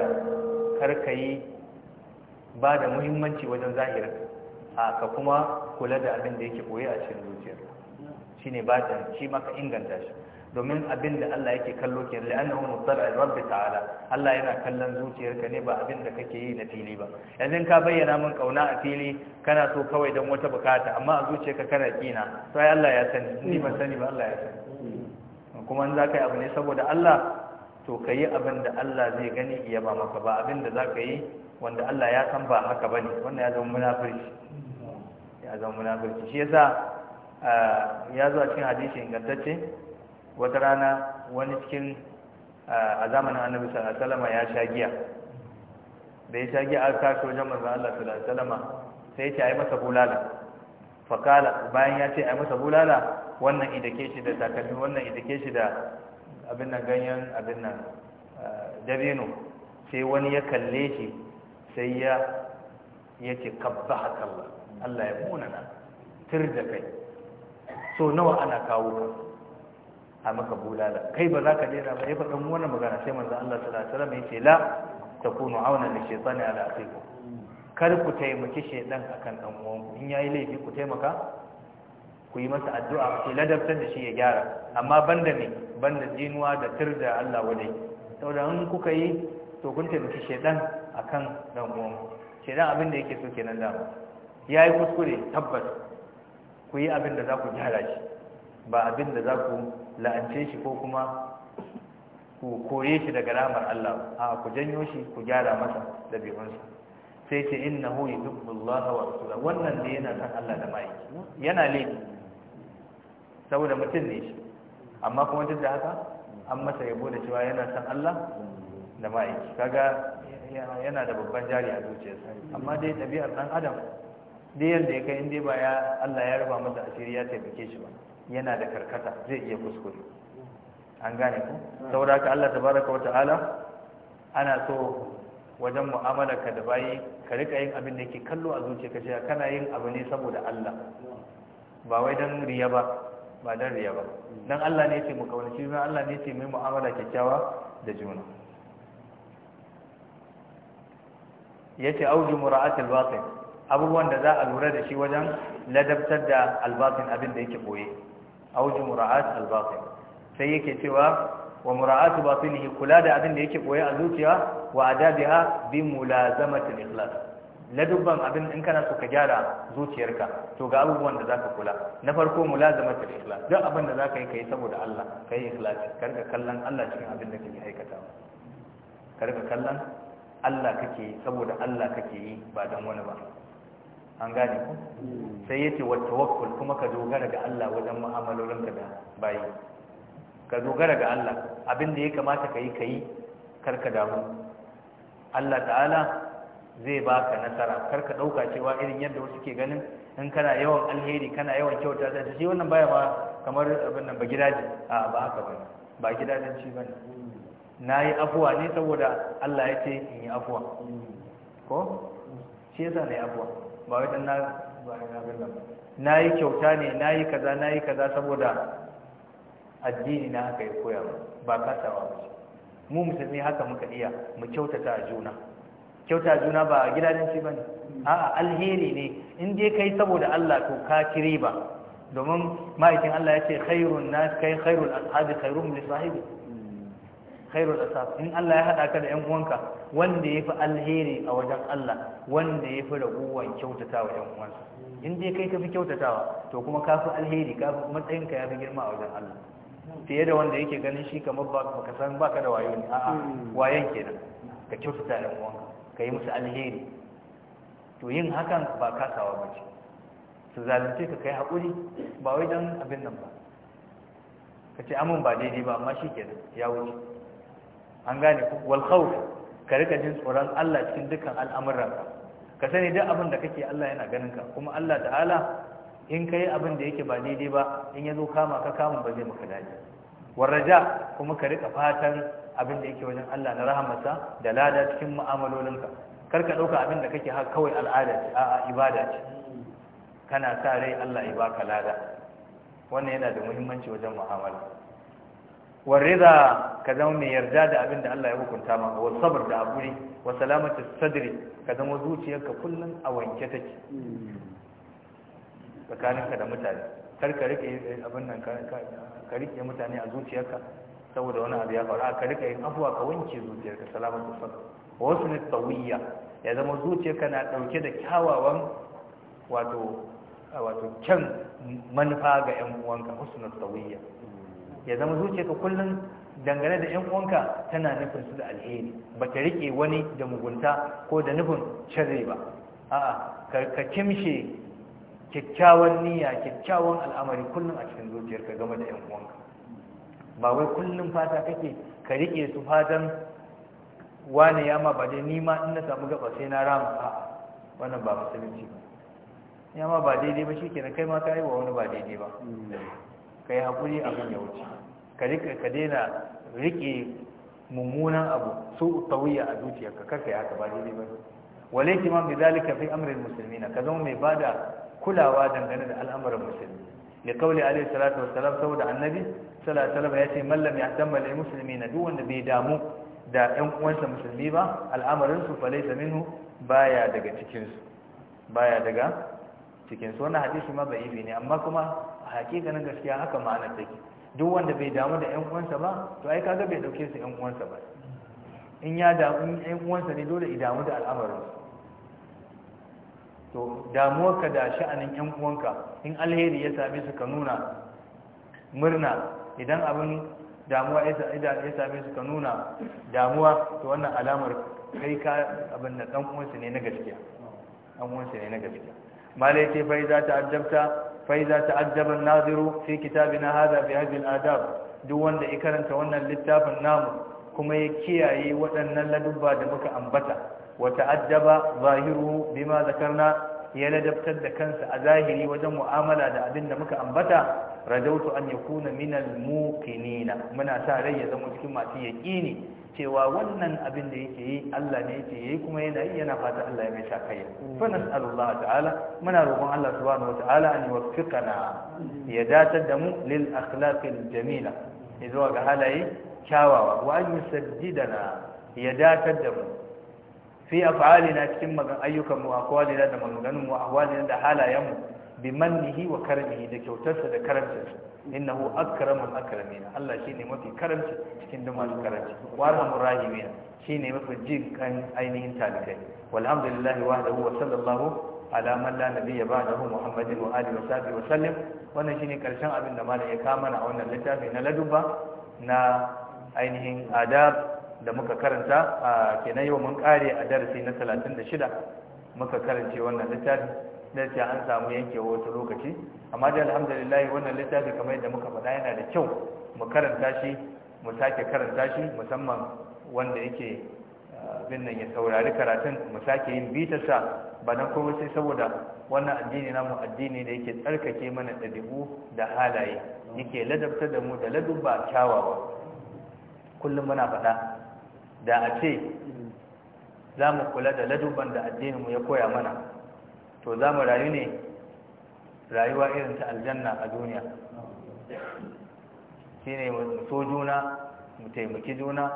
karkayi ba da muhimmanci wajen zahirin a ka kuma kula da abin da yake koyi a cikin zuciyarka shine batin shi maka inganta shi domin abin da Allah yake kallo ke la'annahu mutarra rabbi ta'ala Allah yana kallon zuciyarka ne ba abin da kake yi na fili ba yanzu ka bayyana min kauna a fili kana so kawai dan wata bukata amma a zuciyarka kana kina to ai Allah ya sani ni ba sani ba Allah ya sani kuma in zaka yi abu ne saboda Allah to kayi abin da Allah zai gani iya ba maka ba abin da zaka yi wanda Allah ya san ba haka bane wannan ya zama munafirci ya zama munafirci shi yasa ah, ya zo a cikin hadisi ingantacce wata rana wani cikin a zamanin annabi sallallahu alaihi wasallam ya sha giya da ya sha giya aka kashi wajen manzon Allah sallallahu alaihi wasallam sai ya ce ai masa bulala fakala bayan ya ce ai masa bulala wannan idake shi da takalmi wannan idake shi da abin nan ganyen abin nan dabino sai wani ya kalle shi sai ya ya ce kabbahaka Allah Allah ya munana tir da kai so nawa ana kawo ka a maka bulala kai ba za ka daina ba ya faɗin wannan magana sai manzo Allah sallallahu alaihi wasallam yace la takunu auna li shaytani ala akhikum kar ku taimaki shaydan akan dan uwanku in yayi laifi ku taimaka ku yi masa addu'a ku ladabtar da shi ya gyara amma banda ne banda jinuwa da tir da Allah wadai saboda in kuka yi to kun taimaki shaydan akan dan uwanku shaydan abin da yake so kenan da yayi kuskure tabbas ku yi abin da za ku gyara shi ba abin da za ku la'ance shi ko kuma ku kore shi daga ramar Allah a ku janyo shi ku gyara masa dabi'unsa sai ce innahu yuhibbullaha wa rasula wannan da yana san Allah da mai yana laifi saboda mutum ne shi amma kuma duk da haka an masa yabo da cewa yana san Allah da mai kaga yana da babban jari a zuciyarsa amma dai ɗabi'ar ɗan adam dai yadda ya kai in dai ba ya Allah ya raba masa asiri ya taimake shi ba yana da karkata zai iya kuskure an gane ku saboda haka Allah tabaraka wa ta'ala ana so wajen mu'amalarka da bayi ka rika yin abin da yake kallo a zuciya ka cewa kana yin abu ne saboda Allah ba wai dan riya ba ba dan riya ba dan Allah ne yake mu kaunaci dan Allah ne yake mai mu'amala kyakkyawa da juna yace auju mura'at batin abubuwan da za a lura da shi wajen ladabtar da albatin abin da yake boye auji mura'at al-batin sai yake cewa wa mura'atu batinihi kula da abin da yake boye a zuciya wa adabiha bi mulazamati al-ikhlas ladubban abin in kana so ka gyara zuciyarka to ga abubuwan da zaka kula na farko mulazamati al-ikhlas duk abin da zaka yi kai saboda Allah kai ikhlas karka kallon Allah cikin abin da kake aikatawa karka kallon Allah kake saboda Allah kake yi ba dan wani ba an gane ku sai yace wa tawakkul kuma ka dogara ga Allah wajen mu'amalolinka da bayi ka dogara ga Allah abin da ya kamata kai kai karka damu Allah ta'ala zai baka nasara karka dauka cewa irin yadda wasu ke ganin in kana yawan alheri kana yawan kyauta da shi wannan baya ma kamar abin nan ba gidaje a ba haka bane ba gidajen ci bane nayi afuwa ne saboda Allah ya ce in yi afuwa ko shi yasa nayi afuwa ba wai na yi kyauta ne na yi kaza na yi kaza saboda addini na haka ya koya ba kasawa ba mu musulmi haka muka iya mu kyautata a juna kyauta juna ba a shi ba ne a'a alheri ne in dai kai saboda Allah to ka kiri ba domin ma'aikin Allah ya ce khairun nas kai khairul ashabi khairun li khairul asas in Allah ya hada ka da yan uwanka wanda yafi alheri a wajen Allah wanda yafi raguwan kyautatawa yan uwansa in dai kai ka fi kyautatawa to kuma ka fi alheri ka fi matsayin ka yafi girma a wajen Allah fiye da wanda yake ganin shi kamar ba ka san baka da wayo ne a'a wayan kenan ka kyautata yan uwanka ka yi musu alheri to yin hakan ba kasawa ba ce su zalunce ka kai hakuri? ba wai dan abin nan ba ka ce amin ba daidai ba amma shi kenan ya wuce an gane ku wal ka rika jin tsoron Allah cikin dukkan al'amuran ka sani duk abin da kake Allah yana ganin ka kuma Allah ta'ala in kai abin da yake ba daidai ba in zo kama ka kama ba zai maka daɗi warraja kuma ka rika fatan abin da yake wajen Allah na rahamarsa da lada cikin mu'amalolinka kar ka ɗauka abin da kake har kawai al'ada ce a'a ibada ce kana sa rai Allah ya baka lada wannan yana da muhimmanci wajen mu'amala warida ka zama mai yarda da abin da Allah ya hukunta maka wa sabar da aburi wa salamatu sadri ka zama zuciyarka kullun a wanke take tsakaninka da mutane kar ka rike abin nan ka rike mutane a zuciyarka saboda wani abu ya faru ka rike yin abuwa ka wanke zuciyarka salamatu sadri wa husnul tawiyya ya zama zuciyarka na dauke da kyawawan wato wato kyan manufa ga yan uwanka husnul tawiyya ya zama zuciyarka kullum dangane da 'yan uwanka tana nufin su da alheri ba ta riƙe wani da mugunta ko da nufin sharri ba a'a ka kimshe kyakkyawan niyya kyakkyawan al'amari kullum a cikin zuciyarka game da 'yan uwanka ba wai kullum fata kake ka riƙe su fatan wane ya ma ba dai nima in na samu gaba sai na rama a'a wannan ba musulunci ba ya ma ba daidai ba shi kenan kai ma ka yi wa wani ba daidai ba ka yi haƙuri abin ya wuce ka daina riƙe mummunan abu su tawiya a ka karka ya haka ba daidai ba wale ki ma bizalika fi amrin na ka zama mai ba da kulawa dangane da al'amuran musulmi da kauli alaihi salatu wassalam saboda annabi sallallahu alaihi wasallam ya ce man lam yahtamma musulmi na duk wanda bai damu da ɗan uwansa musulmi ba al'amarin su fa laysa minhu baya daga cikin su baya daga cikin su wannan hadisi ma bai ne amma kuma a hakikanin gaskiya haka ma'anar take duk wanda bai damu da ƴan uwansa ba to ai kaga bai dauke su ƴan uwansa ba in ya damu ƴan uwansa ne dole i damu da al'amarin to ka da sha'anin ƴan uwanka in alheri ya same su ka nuna murna idan abin damuwa ya same su ka nuna damuwa to wannan alamar kai ka abin da ɗan uwansa ne na gaskiya ɗan uwansa ne na gaskiya malai ce fa iza ta'ajjabta fa iza ta'ajjaba an-naziru fi kitabina hadha bi hadhihi al-adab duk wanda ya karanta wannan littafin namu kuma ya kiyaye waɗannan ladubba da muka ambata wa ta'ajjaba zahiruhu bima zakarna ya ladabtar da kansa a zahiri wajen mu'amala da abin da muka ambata rajautu an yakuna minal muqinina muna sa rai ya zama cikin masu yaqini cewa wannan abin da yake yi Allah ne yake yi kuma yana yi yana fata Allah ya mai sha kai fa nas'alullah ta'ala muna roƙon Allah subhanahu wata'ala an yuwaffiqana ya datar da mu lil akhlaqil jamila idan ga halaye kyawawa wa an yusaddidana ya datar da mu fi af'alina cikin magan ayyukan mu da maganganun mu ahwalina da halayen mu bi wa karamihi da kyautarsa da karamcinsa innahu akramul akramin Allah shine mafi karamci cikin duk masu karamci wa arhamur rahimin shine mafi jin kan ainihin talibai walhamdulillahi wahdahu wa sallallahu ala man la nabiyya ba'dahu muhammadin wa alihi wa sahbihi wa sallam wannan shine karshen abin da malam ya kama a wannan littafi na ladubba na ainihin adab da muka karanta a kenan yau mun kare a darasi na 36 muka karance wannan littafi na ce an samu yankewa wata lokaci amma da alhamdulillah wannan littafi kamar yadda muka faɗa yana da kyau mu karanta shi mu sake karanta shi musamman wanda yake ah, bin nan ya saurari karatun mu sake yin bitarsa ba dan kuma sai saboda wannan addini namu addini da yake tsarkake mana ɗabi'u da halaye yake ladabtar da mu da ladubba kyawawa kullum muna faɗa da a ce za mu kula da ladubban da addininmu ya koya mana to za mu rayu ne rayuwa irin ta aljanna a duniya shi ne so juna mu taimaki juna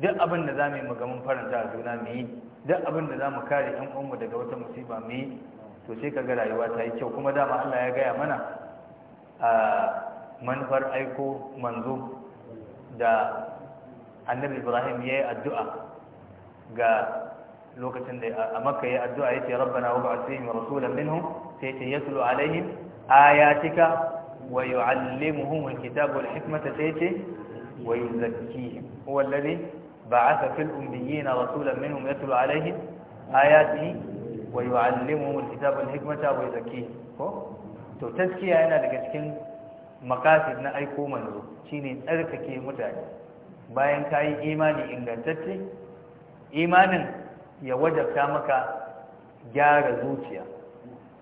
duk abin da za mu yi magamin faranta a juna mu yi duk abin da za mu kare yan uwanmu daga wata musiba mu yi to sai ka ga rayuwa ta yi kyau kuma dama Allah ya gaya mana a manufar aiko manzo da annabi ibrahim ya yi addu'a ga lokacin da a maka ya addu'a yace rabbana wa ba'ath fihim rasulan minhum sai ya yatlu alaihim ayatika wa yu'allimuhum alkitaba da hikmata sai yace wa yuzakkihim huwa alladhi ba'atha fil ummiyina rasulan minhum yatlu alaihim ayatihi wa yu'allimuhum alkitaba da hikmata wa yuzakkihim ko to taskiya yana daga cikin makasid na aiko manzo shine tsarkake mutane bayan ka yi imani ingantacce imanin ya wajabta maka gyara zuciya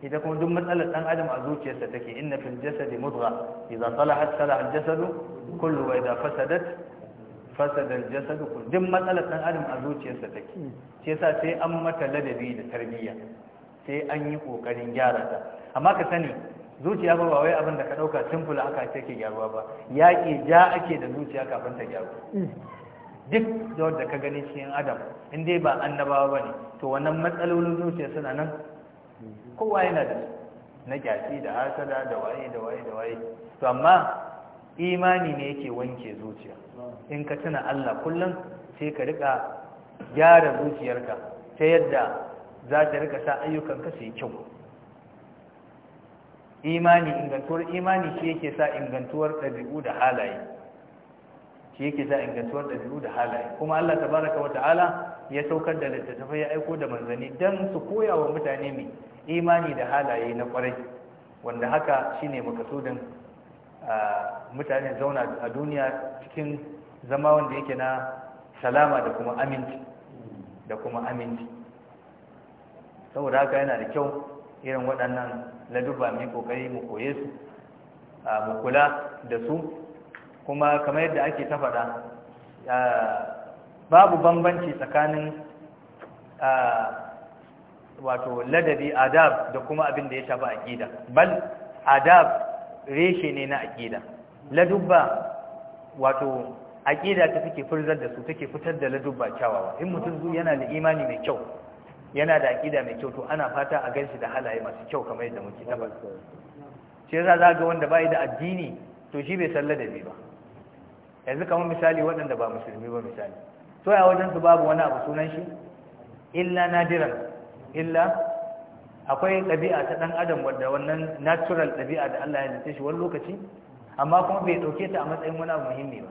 ita kuma duk matsalar dan adam a zuciyarsa take inna fil jasadi mudgha idza salahat salaha al jasadu kullu wa idza fasadat fasada al jasadu kullu duk matsalar dan adam a zuciyarsa take sai sa sai an mata ladabi da tarbiyya sai an yi kokarin gyara ta amma ka sani zuciya ba wai abin da ka dauka simple haka take gyaruwa ba yaki ja ake da zuciya kafin ta gyaru duk da wadda ka gani cikin adam in dai ba annabawa ba ne to wannan matsalolin zuciya suna nan kowa yana da na gyasi da hasada da waye da waye da waye to amma imani ne yake wanke zuciya in ka tuna Allah kullum sai ka rika gyara zuciyarka ta yadda za ta rika sa ayyukanka su yi kyau imani ingantuwar imani shi yake sa ingantuwar ɗabi'u da halaye shi yake sa ingantuwar ɗabi'u da halaye kuma Allah tabaraka wa ta'ala ya saukar da littattafai ya aiko da manzanni dan su koya wa mutane mai imani da halaye na kwarai wanda haka shine makasudin mutane zauna a duniya cikin zama wanda yake na salama da kuma aminci da kuma aminci saboda haka yana da kyau irin waɗannan laduba mai kokari mu koye su mu kula da su kuma kamar yadda ake ta faɗa babu bambanci tsakanin wato ladabi adab da kuma abin da ya shafi aqida bal adab reshe ne na aqida ladubba wato aqida ta take furzar da su take fitar da ladubba kyawawa in mutum zuwa yana da imani mai kyau yana da aqida mai kyau to ana fata a ganshi da halaye masu kyau kamar yadda muke tabbata yasa za ga wanda bai da addini to shi bai san ladabi ba yanzu kamar misali waɗanda ba musulmi ba misali to ya wajen su babu wani abu sunan shi illa nadiran illa akwai ɗabi'a ta ɗan adam wadda wannan natural ɗabi'a da Allah ya dace shi wani lokaci amma kuma bai ɗauke ta a matsayin wani abu muhimmi ba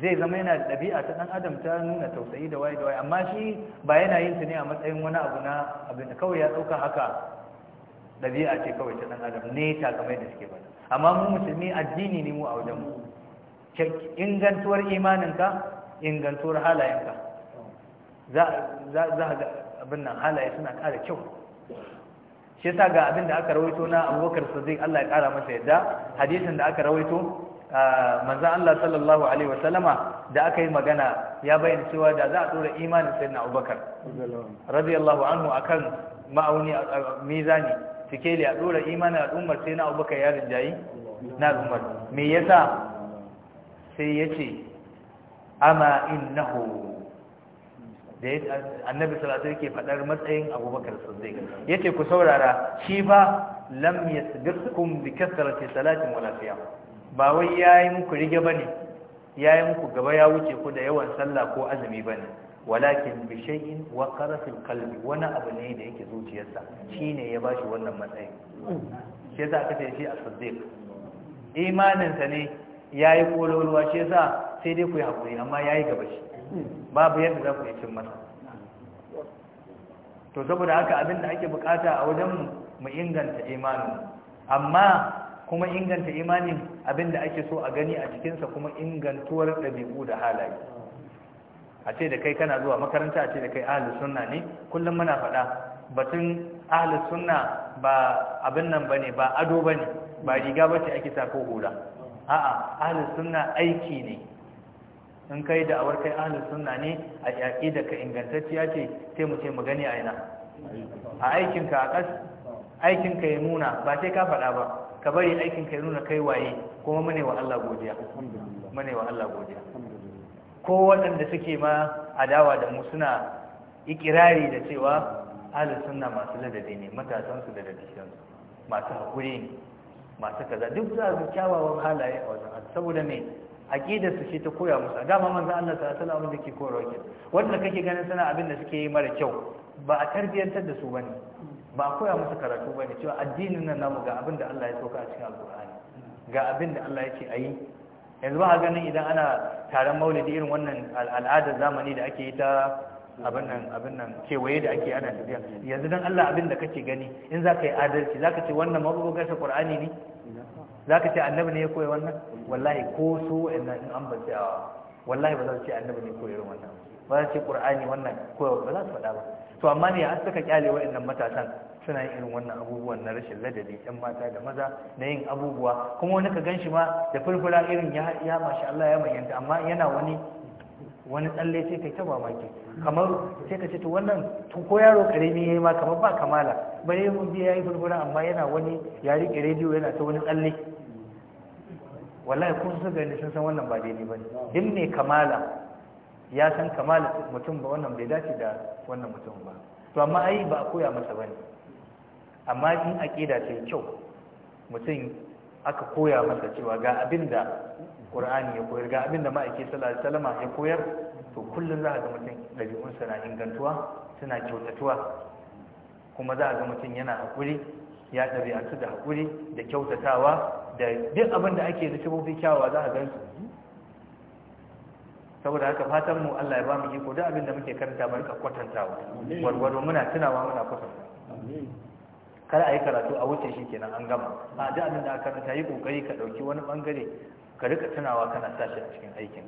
zai zama yana da ɗabi'a ta ɗan adam ta nuna tausayi da waye amma shi ba yana yin ta ne a matsayin wani abu na abin da kawai ya ɗauka haka ɗabi'a ce kawai ta ɗan adam ne ta kamar da suke ba amma mu musulmi addini ne mu a wajen mu ingantuwar imaninka ingantuwar halayenka za a ga abin nan halaye suna ƙara kyau shi yasa ga abin da aka rawaito na abubakar zai Allah ya ƙara masa yadda hadisin da aka rawaito ah, manzan Allah sallallahu alaihi wa sallama da aka yi magana ya bayyana cewa da za a ɗora imanin sayyidina abubakar radiyallahu anhu akan ma'auni ah, mizani sikeli a dora imanin al'ummar sai na abubakar ya rinjayi na al'ummar me ya sa sai ya ce ama innahu da annabi salatu yake faɗar matsayin abubakar zai ya ce ku saurara shi ba lam yasbiqkum bi kasrati salatin walafiya ba wai ya yi muku rige ya yi muku gaba ya wuce ku da yawan sallah ko azumi ba ne. walakin bi shay'in wa wani abu ne da yake zuciyarsa shine ya bashi wannan matsayin. shi yasa aka ce shi as-siddiq imanin sa ne yayi kololuwa shi yasa sai dai ku yi hakuri amma yayi gaba shi babu yadda za ku yi cin masa to saboda haka abin da ake bukata a wajen mu inganta imanin amma kuma inganta imanin abin da ake so a gani a cikinsa kuma ingantuwar ɗabi'u da halaye a ce da kai kana zuwa makaranta a ce da kai ahlus sunna ne kullum muna faɗa batun ahlus sunna ba abin nan bane ba ado bane ba riga bace ake sa ko hura a'a ahlus sunna aiki ne in kai da awar kai ahlus sunna ne a yaƙi da ka ingantacciya ce sai mu ce mu gani a ina a aikinka a ƙas aikinka ya nuna ba sai ka faɗa ba ka bari aikinka ya nuna kai waye kuma mune wa Allah godiya mune wa Allah godiya ko waɗanda suke ma adawa da mu suna ikirari da cewa ahlus sunna masu ladabi ne matasansu da dadiyansu masu haƙuri ne masu kaza duk za su kyawawan halaye a wajen saboda me aqidar su ce ta koya musu a dama manzo Allah sallallahu alaihi wasallam ke koyarwa ke wanda kake ganin suna abin da suke yi mara kyau ba a tarbiyantar da su bane ba a koya musu karatu bane cewa addinin nan namu ga abin da Allah ya soka a cikin alqur'ani ga abin da Allah ya ce ayi yanzu ba ganin idan ana taron maulidi irin wannan al'adar zamani da ake yi ta abin nan abin nan kewaye da ake ana tafiya yanzu dan Allah abin da kake gani in za ka yi adalci za ka ce wannan mabubugar sa Qur'ani ne za ka ce annabi ne ya koya wannan wallahi ko so in an ba a wallahi ba za su ce annabi ne irin wannan ba za su ce Qur'ani wannan koyar ba za su faɗa ba to amma ne ya suka kyale wa'annan matasan suna yin irin wannan abubuwan na rashin ladabi ɗan mata da maza na yin abubuwa kuma wani ka gan shi ma da furfura irin ya ya mashi Allah ya manyanta amma yana wani wani tsalle sai kai ta mamaki kamar sai ka ce to wannan to ko yaro karemi yayi ma kamar ba kamala bare mun biya yayi furfura amma yana wani ya rike rediyo yana ta wani tsalle wallahi kun su gani sun san wannan ba daidai bane din ne kamala ya san kamala mutum ba wannan bai dace da wannan mutum ba to amma ai ba a koya masa bane amma in aƙida ce kyau mutum aka koya masa cewa ga abin da ƙur'ani ya koyar ga abin da ma'aiki sallallahu alaihi wasallam ya koyar to kullum za a ga mutum ɗabi'unsa na ingantuwa suna kyautatuwa kuma za a ga mutum yana haƙuri ya ɗabi'antu da haƙuri da kyautatawa da duk abin da ake da sifofi kyawawa za a gan su saboda haka fatan mu Allah ya ba mu iko duk abin da muke karanta mu rika kwatantawa gwargwado muna tunawa muna kwatanta kar a yi karatu a wuce shi kenan an gama a ji abin da aka karanta yi kokari ka dauki wani bangare ka rika tunawa kana sa shi a cikin aikin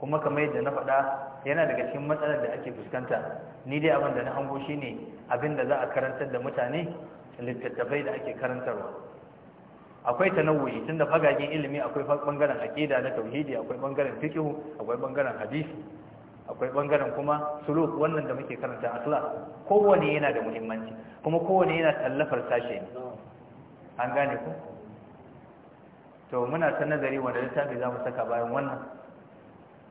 kuma kamar yadda na faɗa yana daga cikin matsalar da ake fuskanta ni dai abin da na hango ne abin da za a karantar da mutane littattafai da ake karantarwa akwai tanawuyi tunda fagagen ilimi akwai bangaren aqida na tauhidi akwai bangaren fiqh akwai bangaren hadisi akwai bangaren kuma suluk wannan da muke karanta akhlaq kowanne yana da muhimmanci kuma kowanne yana tallafar sashe ne an gane ku to muna ta nazari wanda littafi za mu saka bayan wannan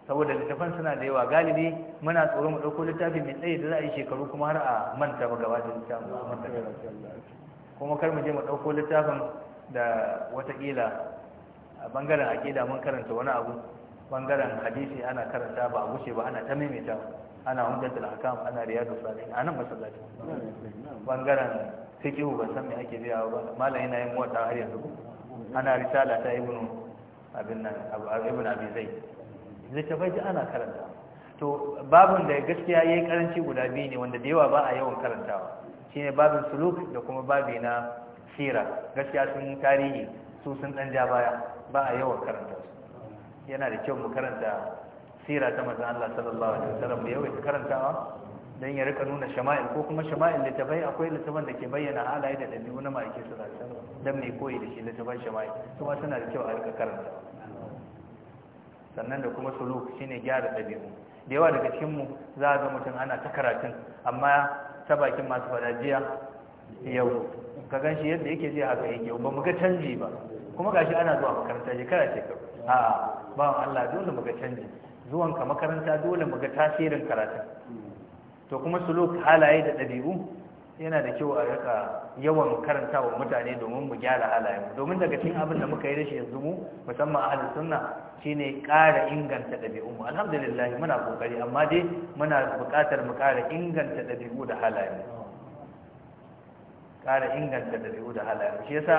saboda littafan suna da yawa galibi muna tsoro mu ɗauko littafi mai tsaye da za a yi shekaru kuma har a manta ba gaba da littafin kuma kar mu je mu ɗauko littafin da watakila a bangaren aƙida mun karanta wani abu bangaren hadisi ana karanta ba a wuce ba ana ta maimaita ana hujjatul ahkam ana riyadu salihin anan masallaci bangaren fiqh ban san me ake biya ba malam yana yin wata har yanzu ana risala ta ibnu abin nan ibn abi zaid littafai da ana karanta to babun da gaskiya yayi karanci guda biyu ne wanda da yawa ba a yawan karantawa shine babin suluk da kuma babi na sira gaskiya sun tarihi su sun dan ja baya ba a yawan karanta su yana da kyau mu karanta sira ta manzon Allah sallallahu alaihi wasallam ta karanta karantawa dan ya rika nuna shama'il ko kuma shama'il bai akwai littafan da ke bayyana halaye da dabi'u na ma'aikin sallallahu alaihi wasallam dan mai koyi da shi littafan shama'il kuma suna da kyau a rika karanta sannan da kuma suluk shine gyara dabi'u da yawa daga cikin mu za ga mutum ana ta karatun amma ta bakin masu fadajiya yau ka gan shi yadda yake je haka yake ba mu ga canji ba kuma gashi ana zuwa makaranta je kana ce a bawan Allah dole mu ga canji zuwan ka makaranta dole mu ga tasirin karatun to kuma suluk halaye da ɗabi'u yana da kyau a rika yawan karantawa mutane domin mu gyara halayen domin daga cikin abin da muka yi da shi yanzu mu musamman ahli sunna shine ƙara inganta ɗabi'u mu alhamdulillah muna kokari amma dai muna buƙatar mu ƙara inganta ɗabi'u da halaye ƙara inganta ɗabi'u da halaye shi yasa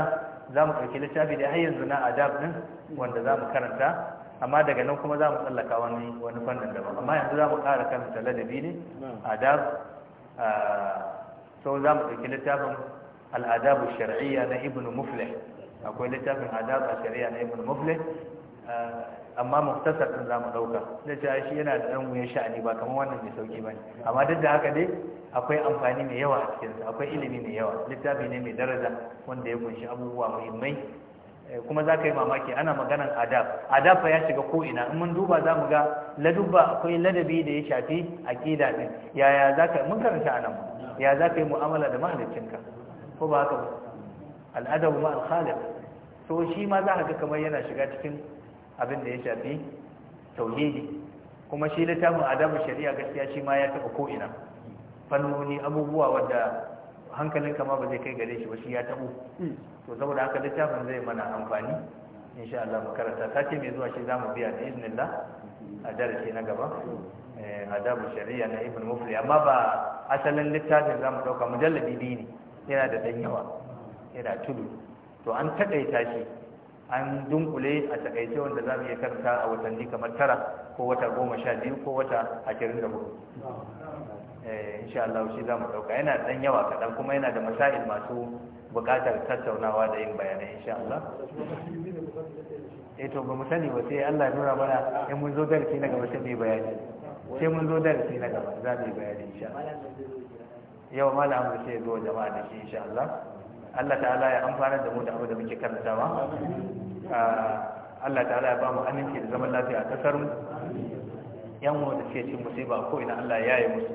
za mu ɗauki littafi da har yanzu na adab din wanda za mu karanta amma daga nan kuma za mu tsallaka wani wani fannin daban amma yanzu za mu ƙara karanta ladabi ne adab sau za mu ɗauki littafin al'adabu shari'a na ibn mufle akwai littafin adab a shari'a na ibn mufle amma muktasar ɗin za mu ɗauka da cewa shi yana da ɗan wuyan sha'ani ba kamar wannan mai sauki ba amma duk da haka dai akwai amfani mai yawa a cikinsa akwai ilimi mai yawa littafi ne mai daraja wanda ya kunshi abubuwa muhimmai Eh, kuma za ka yi mamaki ana maganan adab adab fa ya shiga ko'ina in mun duba za mu ga ladubba akwai ladabi da ya shafi aƙida ɗin yaya za ka mun karanta anan ya za ka yi mu'amala da mahaliccinka ko ba haka al'adabu ma al-khaliq to shi ma za ka ga kamar yana shiga cikin abin da ya shafi tauhidi kuma shi littafin adabu shari'a gaskiya shi ma ya taɓa ko'ina fannoni abubuwa wadda hankalinka ma ba zai kai gare shi ba shi ya taɓo to saboda haka littafin zai mana amfani insha Allah mu karanta sati mai zuwa shi zamu biya da allah a darasi na gaba eh, adabu shari'a na ibn mufli amma ba asalin littafin zamu dauka mujalladi biyu ne yana da dan yawa yana tudu to an takaita shi an dunkule a takaice wanda zamu iya karanta a watanni kamar tara ko wata goma sha biyu ko wata ashirin da hudu eh, insha Allah shi zamu dauka yana dan yawa kaɗan kuma yana da masail masu bukatar tattaunawa da yin bayanai insha Allah eto eh, to ba mu sani ba sai Allah ya nuna mana in mun zo darasi na gaba sai mu bayani sai mun zo darasi na gaba za mu yi bayani insha Allah yau malam mu sai zo jama'a da shi insha Allah Allah ta'ala ya amfana da mu da abu da muke karantawa ah, Allah ta'ala ya ba mu aminci da zaman lafiya a kasar mu yan mu da suke cin musiba ko ina Allah ya yi musu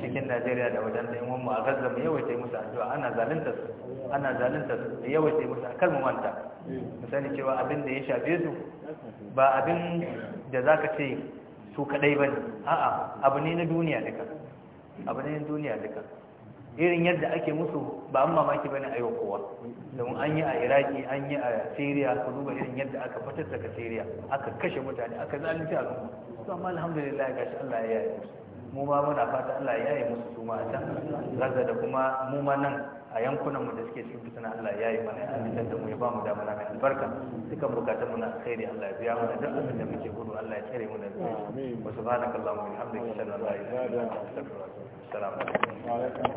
cikin Najeriya da wajen da yan mu a Gaza mu yawaita musu addu'a ana zalunta su ana zalunta su da yawa sai musu akal mu manta mu cewa abin da ya shafe su ba abin da ka ce su kadai ne. a'a abu ne na duniya duka abu ne na duniya duka irin yadda ake musu ba an mamaki ba ne a yau kowa domin an yi a iraki an yi a syria ku duba irin yadda aka fitar daga syria aka kashe mutane aka zalunci al'umma to amma alhamdulillah gashi Allah ya yi mu ma muna fata Allah ya yi musu su ma a can gaza da kuma mu ma nan a yankunan mu da suke cikin fitina Allah ya yi mana amintar da mu ya ba mu damar mai albarka suka bukatar mu na alkhairi Allah ya biya da duk abin da muke gudu Allah ya tsare mu da su wa subhanakallahumma wa bihamdika mu an la ilaha illa anta wa